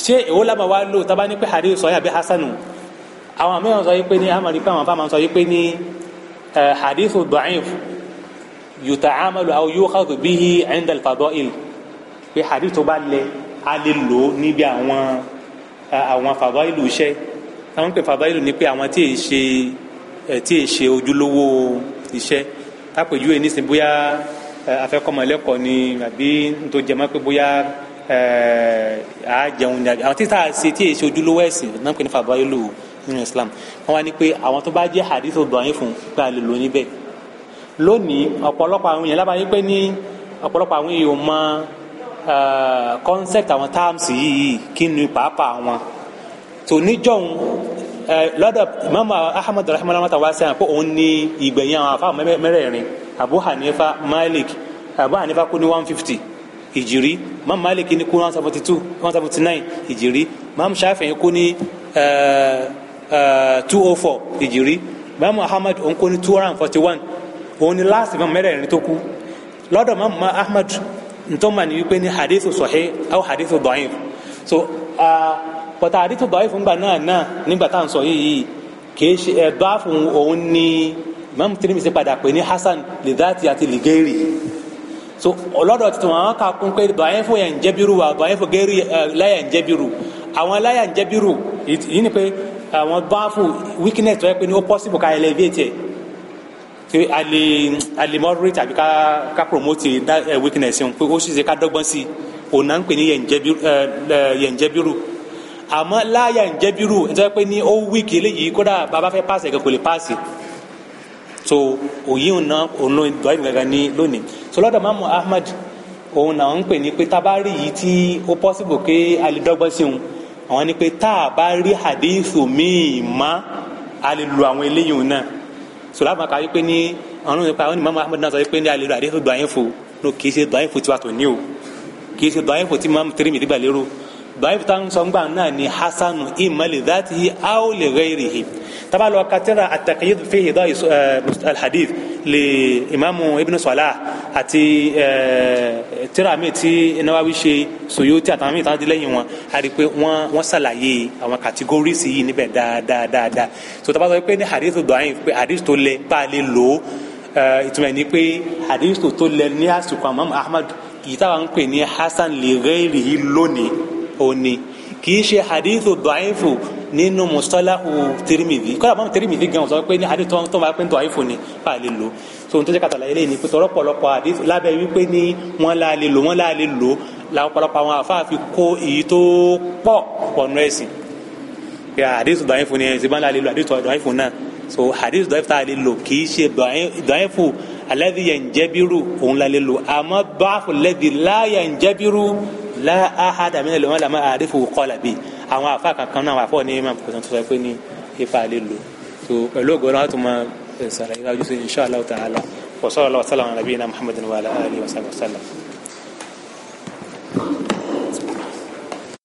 ṣé èwo lábàá wá lò tábà ní pé hadith sọ yà bí hasanu àwọn mìíràn sọ yìí pé ní amadi pé àwọn afáàmà sọ yìí pé ní hadith da'if yuta'amalu aw yukhadhu bihi 'inda al-fada'il pé hadith tó bá lẹ a lè lò níbi àwọn àwọn fada'il iṣẹ́ àwọn pè fada'il ni pé àwọn tí ì ṣe tí ì ṣe ojúlówó iṣẹ́ tápèjúwe nísìnyí bóyá afẹ́kọ́mọlẹ́kọ̀ọ́ ni àbí nítorí jẹmọ́ pé bóyá àjẹun ni àwọn títà ṣe tí èyí ṣe ojúlówó ẹ̀sìn náà pé ní fàbáyọlò nínú Islam wọn wá ní pé àwọn tó bá jẹ́ hadith ọ̀dọ̀yìn fún pé a lè lò níbẹ̀ lónìí ọ̀pọ̀lọpọ̀ àwọn èèyàn lábàáyé pé ní ọ̀pọ̀lọpọ̀ àwọn èèyàn mọ concept àwọn terms yìí kí ni pàápàá wọn tò ẹ eh, lọ́dọ̀ Imam Ahmad rahimahullah ta wá sí àpò òun ní ìgbẹ̀yìn àwọn àfa mẹ́rẹ̀ẹ̀rin Abu Hanifa Malik Abu Hanifa kú ní one fifty ìjìrí Imam Malik ní kú one seventy two one seventy nine ìjìrí Imam Shafi'i kú ní eh, eh, two oh four ìjìrí Imam Ahmad òun kú ní two hundred and forty one òun ni last Imam mẹ́rẹ̀ẹ̀rin tó kú lọ́dọ̀ Imam Ahmad ntọ́mà ni wípé ní hadithu sahih aw hadithu da'if so. Uh, pọ̀tà àdìtú dọ̀ ìfúngbà náà náà nígbà tá à ń sọ yìí kì í ṣe ẹ̀ eh, bá fún òun ní Imam Tirmidhi padà pè ní hasan lidati àti ligeri so ọlọ́dọ̀ tuntun àwọn kà kún pé bàyẹn fún yẹn ń jẹ́bírú wa bàyẹn fún gẹ́rí láyà ń jẹ́bírú àwọn láyà ń jẹ́bírú yìí ni pé àwọn báfù weakness tó yẹ pé ní ó possible ká elevate ẹ̀ ṣe àlè àlè moderate àbí ká ká promote that eh, weakness yẹn pé ó ṣe ṣe ká dọ́gbọ́n sí i òun náà ń pè ní yẹn ń jẹ́bírú àmọ́ láàyà ń jẹ́ bírù ń sọ pé ní ó wíìkì eléyìí kódà bàbá fẹ́ páàsì ẹ̀kọ́ kò lè páàsì so òyìn ọ̀nà ọ̀nà ibrahim gangan ní lónìí so lọ́dọ̀ mamu ahmad òun náà ń pè ní pé tá a bá rí yìí tí ó pọ́sibò pé a lè dọ́gbọ́n sí òun àwọn ni pé tá a bá rí hadithu míì má a lè lu àwọn eléyìí náà so lábàá kà wípé ní àwọn nípa àwọn mamu ahmad náà sọ wípé ní a lè lu hadithu dọ̀yìn fò no kì í ṣe dọ̀yìn fò tiwa tò ní o kì í ṣe dọ̀yìn fò tí mamu tẹ́rẹ̀mì dìgbà lérò dọ̀yìn tó ń sọ̀ngbà náà ni hasanu imali dhatihi aw li ghayrihi taba lọ katira atakiyid fihi dọ̀ eh, alhadith li imamu ibn salah àti eh, tírà mi ti nawawi ṣe soyoti àtàwọn mi tàn dilẹ́yìn wọn a rí i pé wọ́n ṣàlàyé àwọn categories yìí níbẹ̀ dáadáa dáadáa so taba sọ pé ní hadith dọ̀yìn pé hadith tó lẹ bá a lè lò eh, ni pé hadith tó lẹ ní àsìkò àmọ́ ahmad yìí táwa ń pè ní hasan li ghayrihi lónìí òní kì í ṣe hadithu dọ̀ọ́ìfù nínú mùsọ́láhù tirimidi kọ́lá bọ́n tirimidi gan sọ pé ní hadith tó ń bá pé dọ̀ọ́ìfù ni bá a lè lò so ohun tó jẹ́ kàtàlá ilé ni pé tọ́rọ́pọ̀lọpọ̀ hadith lábẹ́ wípé ní wọ́n la lè lò wọ́n la lè lò làwọn pọ̀lọpọ̀ àwọn àfáà fi kó èyí tó pọ̀ pọ̀nù ẹ̀sìn hadith dọ̀ọ́ìfù ni ẹ̀sìn bá la lè lò hadith dọ̀ọ́ìfù náà so hadith dọ̀ọ́ìfù tá a òun la lè lò àmọ́ dọ̀ọ́ìfù alladhi la yanjabiru la ahada mi lè wọn ma àrífò kọlà bi àwọn afa kankan náà wà fọ ní imam kò tó so pé ní ipa lè lò tó pẹ̀lú ògo náà tó máa sàlàyé wájú sí insha allah ta'ala wa sallallahu wa sallam ala nabiyina muhammadin wa ala alihi wa sallam.